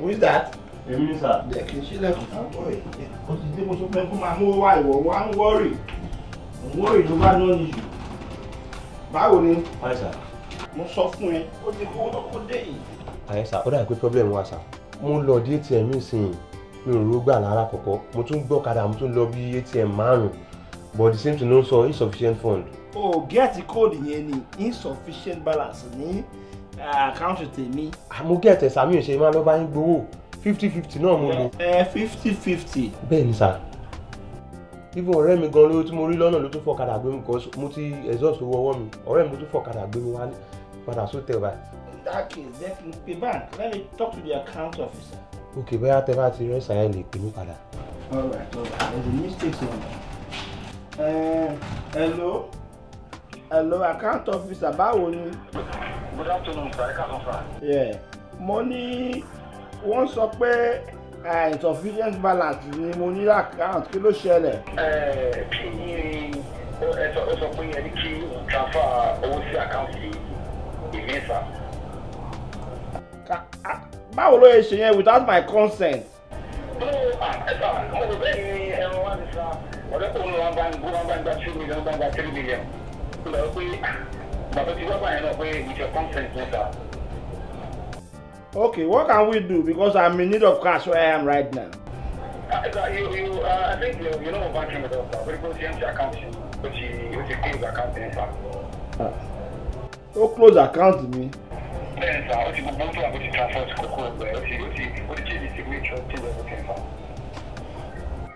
who is that. èmi sà. jẹ́ kí n ṣílẹ̀kùn fún ọ̀pọ̀ yìí. o ti dé mo sọ pé kó máa mú wá ìwọ̀ wá ń wọ́rì ń wọ́rì ló bá náà nìyí báwo ni. báyìí sà. mo sọ fún ẹ ó ti kó lọ́kọ́ dé yìí. àyè sà ó dàbí problem wà sà mo lọ di atm nísìnyí mi ò rú gbà lára kọ̀kọ́ mo tún gbọ́ kadà mo tún lọ bí atm márùn-ún but the same thing ló ń sọ insufficient fund. o gẹ́ẹ̀tì kóòdù yẹn ni insufficient balance ní àkáǹtì tèmi. àmọ́ ah, gẹ́ẹ̀tì sàmì ò ṣe máa lọ́ bá yín gbowó fifty fifty náà mo lò. ẹ fifty fifty. bẹ́ẹ̀ ni even ọ̀rẹ́ mi gan ló tí mo rí lọ́nà ló tún fọ̀kadà gbé mi kan mo ti exhaust owó ọwọ́ mi ọ̀rẹ́ mi ló tún fọ̀kadà gbé mi wá padà sótẹ̀ báyìí. in that case let me pay bank let me talk to the account officer. Okay, bóyá tẹ bá ti rẹ sàyẹn lè pè mí padà. all right all a mistake somewhere. Uh, hello hello account officer báwo ni. mo dá tó nù bàríkà kan fà. mo ní wọ́n sọ pé Eh, insufficient balance ni mo ní account kí ló ṣẹlẹ̀. Eh, kí ni eh, ẹ sọ pé ẹ ní kí transfer owó sí àkáǹtì ìmẹ́sà. báwo ló yẹ ṣe yẹn without my consent. mo ah, ẹ̀ka mo rò bẹ́ẹ̀ ni ẹran wá ní sa ọ̀rẹ́ kò ń lọ wá gbá wá gbá two million gbá gbá three million. mo lọ pé ah, bàbá tí wọ́n bá yẹn náà pé with your consent ní sa. Okay, what can we do? Because I'm in need of cash where I am right now. Uh, you, you, uh, I think you, you know about him because uh, we go to him account which he, which he close account Oh, close account to me?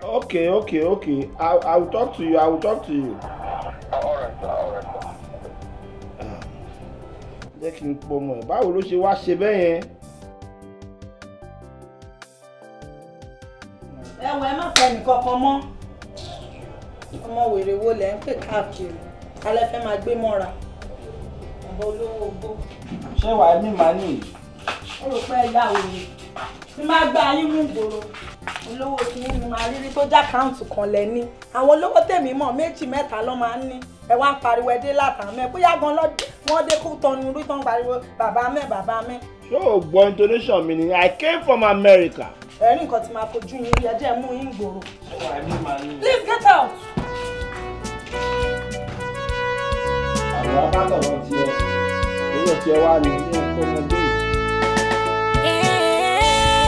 Okay, okay, okay. I, I will talk to you. I will talk to you. Uh, all right, sir. All right, sir. Jẹ́ kí n pọ̀ mọ́ ẹ̀. Báwo ló ẹwọ ẹ má fẹ́ nìkankan mọ́ ọmọ wèrè lẹ ń pè káàkiri alẹ́ fẹ́ máa gbé mọ́ra ọ̀bọ olówó ogbó. ṣé wàá ní màá nì. ó rò pé ẹ̀yà òye tí máa gba yín mú gbòòrò olówó tí yín ni máa rírí tó já kan lẹ ní àwọn olówó tèmi mọ̀ méjì mẹ́ta ló máa ń ní ẹ wá ń pariwo ẹdí látàmẹ bóyá gan wọ́n dé kó tọnu rí tó pariwo bàbá mẹ́ bàbá mẹ́. ṣé gbọ́ intonation mi ni I came from America ẹ̀rí nǹkan tí máa fojú yín rí ẹjẹ́ mú yín gbòòrò. please get out. àwọn abákọ̀rọ̀ ti ẹ èèyàn ti ẹ wá ní ní ọkọ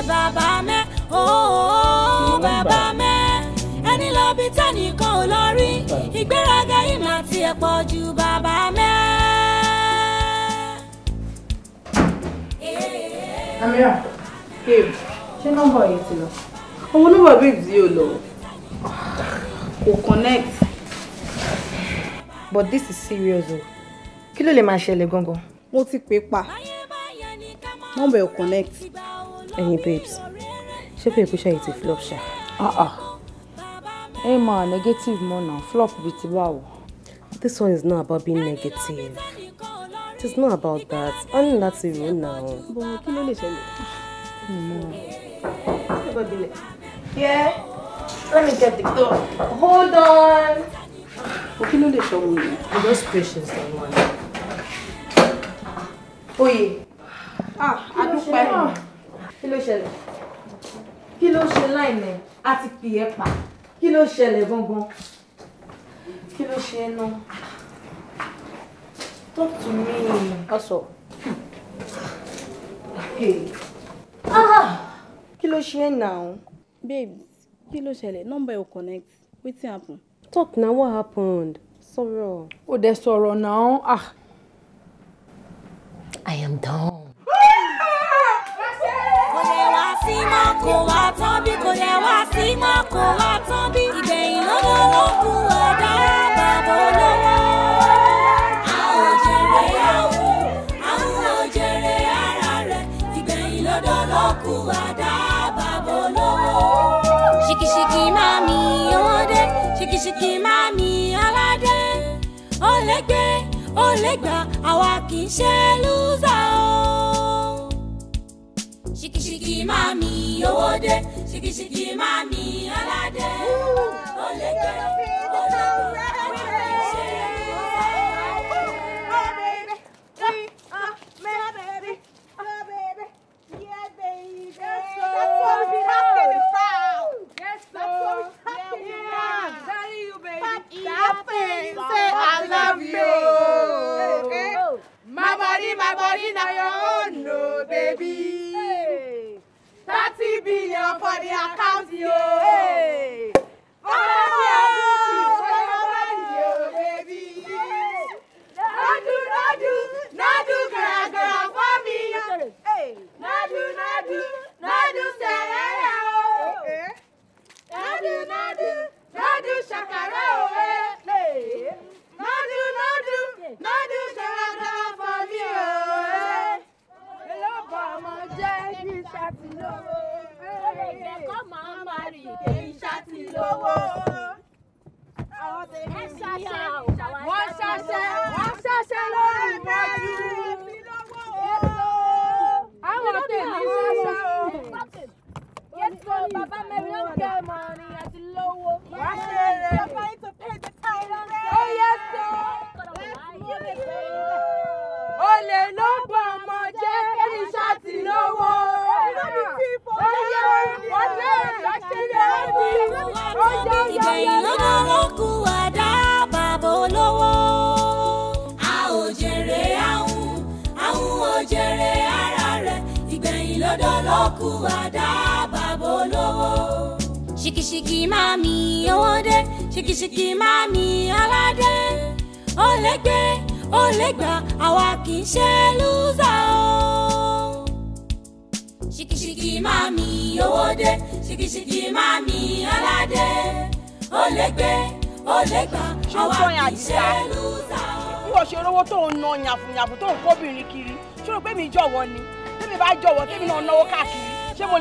bàbá mẹ́ ooo bàbá mẹ́ ẹni lọ bí tẹ́nìkan ò lọ rí ìgbéraga yìí máa ti ju bàbá mẹ́. Amira ṣé nọ́mbà yìí ti lọ. owó nọ́mbà babes yìí ò lọ kò connect. but this is serious o kí ló lè máa ṣẹlẹ̀ gangan. mo ti pè pa nọ́mbà ò connect. ẹyin babes ṣé pé ìpínṣẹ́ yìí ti flop ṣá. ẹ máa negative mọ́ náà flop bíi ti báwo. this one is not about being negative. It's not about that. I'm not that now. But kí ló lè ṣẹlẹ̀? Yeah. Let me get the door. Hold on. Kí can lè show wọn yìí? I'm just precious than one. Oyè. Ah, adúpẹ́. Kí ló ṣẹlẹ̀? Kí ló ṣe láìmẹ̀? A ti pì ẹ́ pa. Kí ló ṣẹlẹ̀ gangan? Kí Talk to me. Also. Hmm. Okay. Ah! kí ló ṣe é now. babe. kí ló ṣẹlẹ̀ number ò connect wetin happen. talk na what happened sọ̀rọ̀. ó dẹ̀ sọ̀rọ̀ now ah. i am done. kò wá tán bí kò yẹ wá sí mọ́ kò wá tán bí ìgbẹ̀yìn lọ́wọ́ ló kù ọ̀dà bàbá olówó. lè gbà àwa kì í ṣe lúzà o. ṣìkìṣìkì máa mi owó dé ṣìkìṣìkì máa mi aládé ó lè gbẹ ó lè gbẹ àwa kì í ṣe lúzà o. That's what we have to do so. That's oh, Yeah, yeah. I'm you, baby. Pop it up say, I love you. Hey, okay? My body, my body, now your own, no, baby. Hey. 30 billion for the account, yo. Hey. Oh, yeah. Oh, Nadu ṣàkàrà òwe. Nadu Nadu Nadu ṣàkàrà for me òwe. Èló bọ̀ ọmọ jẹ́ kí ṣàtìlówó. Ó lè jẹ́ kọ́ máa ń máa rìn kí ṣàtìlówó. Ẹ ṣàṣẹ, wọ́n ṣàṣẹ, wọ́n ṣàṣẹ lórí ìbọ̀jú. Àwọn tèmi ṣàṣẹ o. Yẹ́n tó bàbá mi lówó. Wá ṣe rẹ̀. You are going to pay the tithe. Ó yẹ sọ. Olè ló bọ̀ ọmọ jẹ́ kí ṣáàtì lówó. Ó yẹ ọjọ́ ṣìkìṣìkì mami owóde ṣìkìṣìkì mami aládé ó lè gbé ó lè gbà àwa kì í ṣe lúzà o. ṣìkìṣìkì mami owóde ṣìkìṣìkì mami aládé ó lè gbé ó lè gbà àwa kì í ṣe lúzà o. bí wọ́n ṣe rówó tó ń na yàfùyàfù tó ń kóbìnrin kiri ṣé o pé mi jọ̀wọ́ ni tèmi bá jọ̀wọ́ tèmi náà náwó káàkiri ṣé mo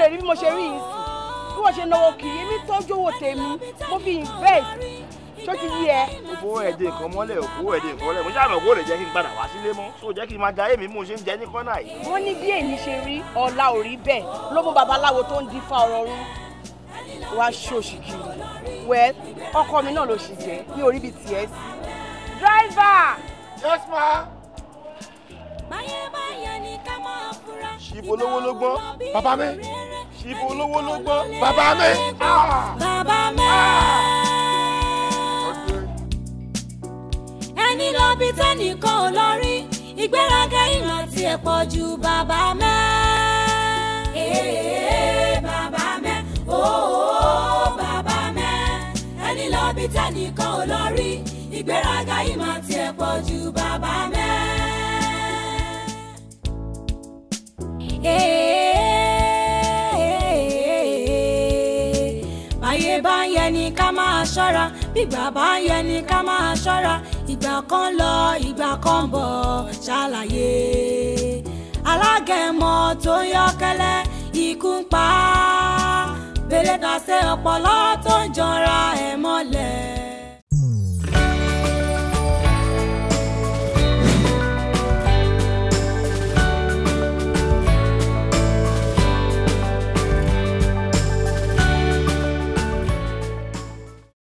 lè rí bí mo ṣe rí yìí sí wọ́n ṣe náwó kiri mi tọ́jú owó tèmi mo fi invest tó ti yí ẹ. òfò ẹ̀dẹ̀ nǹkan mọ́lẹ̀ òfò ẹ̀dẹ̀ nǹkan mọ́lẹ̀ mo ṣàmì owó rẹ̀ jẹ́ kí n padà wá sílé mọ́ so jẹ́ kí n máa jayé mi mú un ṣe ń jẹ ní kọ́nà yìí. wọ́n ní bí èyí ṣe rí ọ̀la ò rí bẹ́ẹ̀ ló mú babaláwo tó ń dífá ọ̀rọ̀ rú wá ṣòṣì kiri wẹ́ ọkọ mi náà ló ṣì jẹ́ mi ò rí tiẹ̀ sí. driver. yes ma'am ṣìbò lówó ló gbọ́n bàbá mi ṣìbò lówó ló gbọ́n bàbá mi. bàbá mi. ẹni lọ bí tẹnìkan ò lọ rí ìgbéraga iná tí ẹ pọ̀ ju bàbá mi. ee bàbá mi ooo bàbá mi ẹni lọ bí tẹnìkan ò lọ rí ìgbéraga iná tí ẹ pọ̀ ju bàbá mi. báyé bá ń yẹ ni ká máa ṣọ́ra bígbà bá ń yẹ ni ká máa ṣọ́ra ìgbà kan lọ ìgbà kan bọ̀ ṣàlàyé alágẹmọ tó yọ́kẹ́lẹ́ ikú ń pa á bèlè tàṣe ọpọlọ tó ń jọra ẹ̀ mọ́lẹ̀.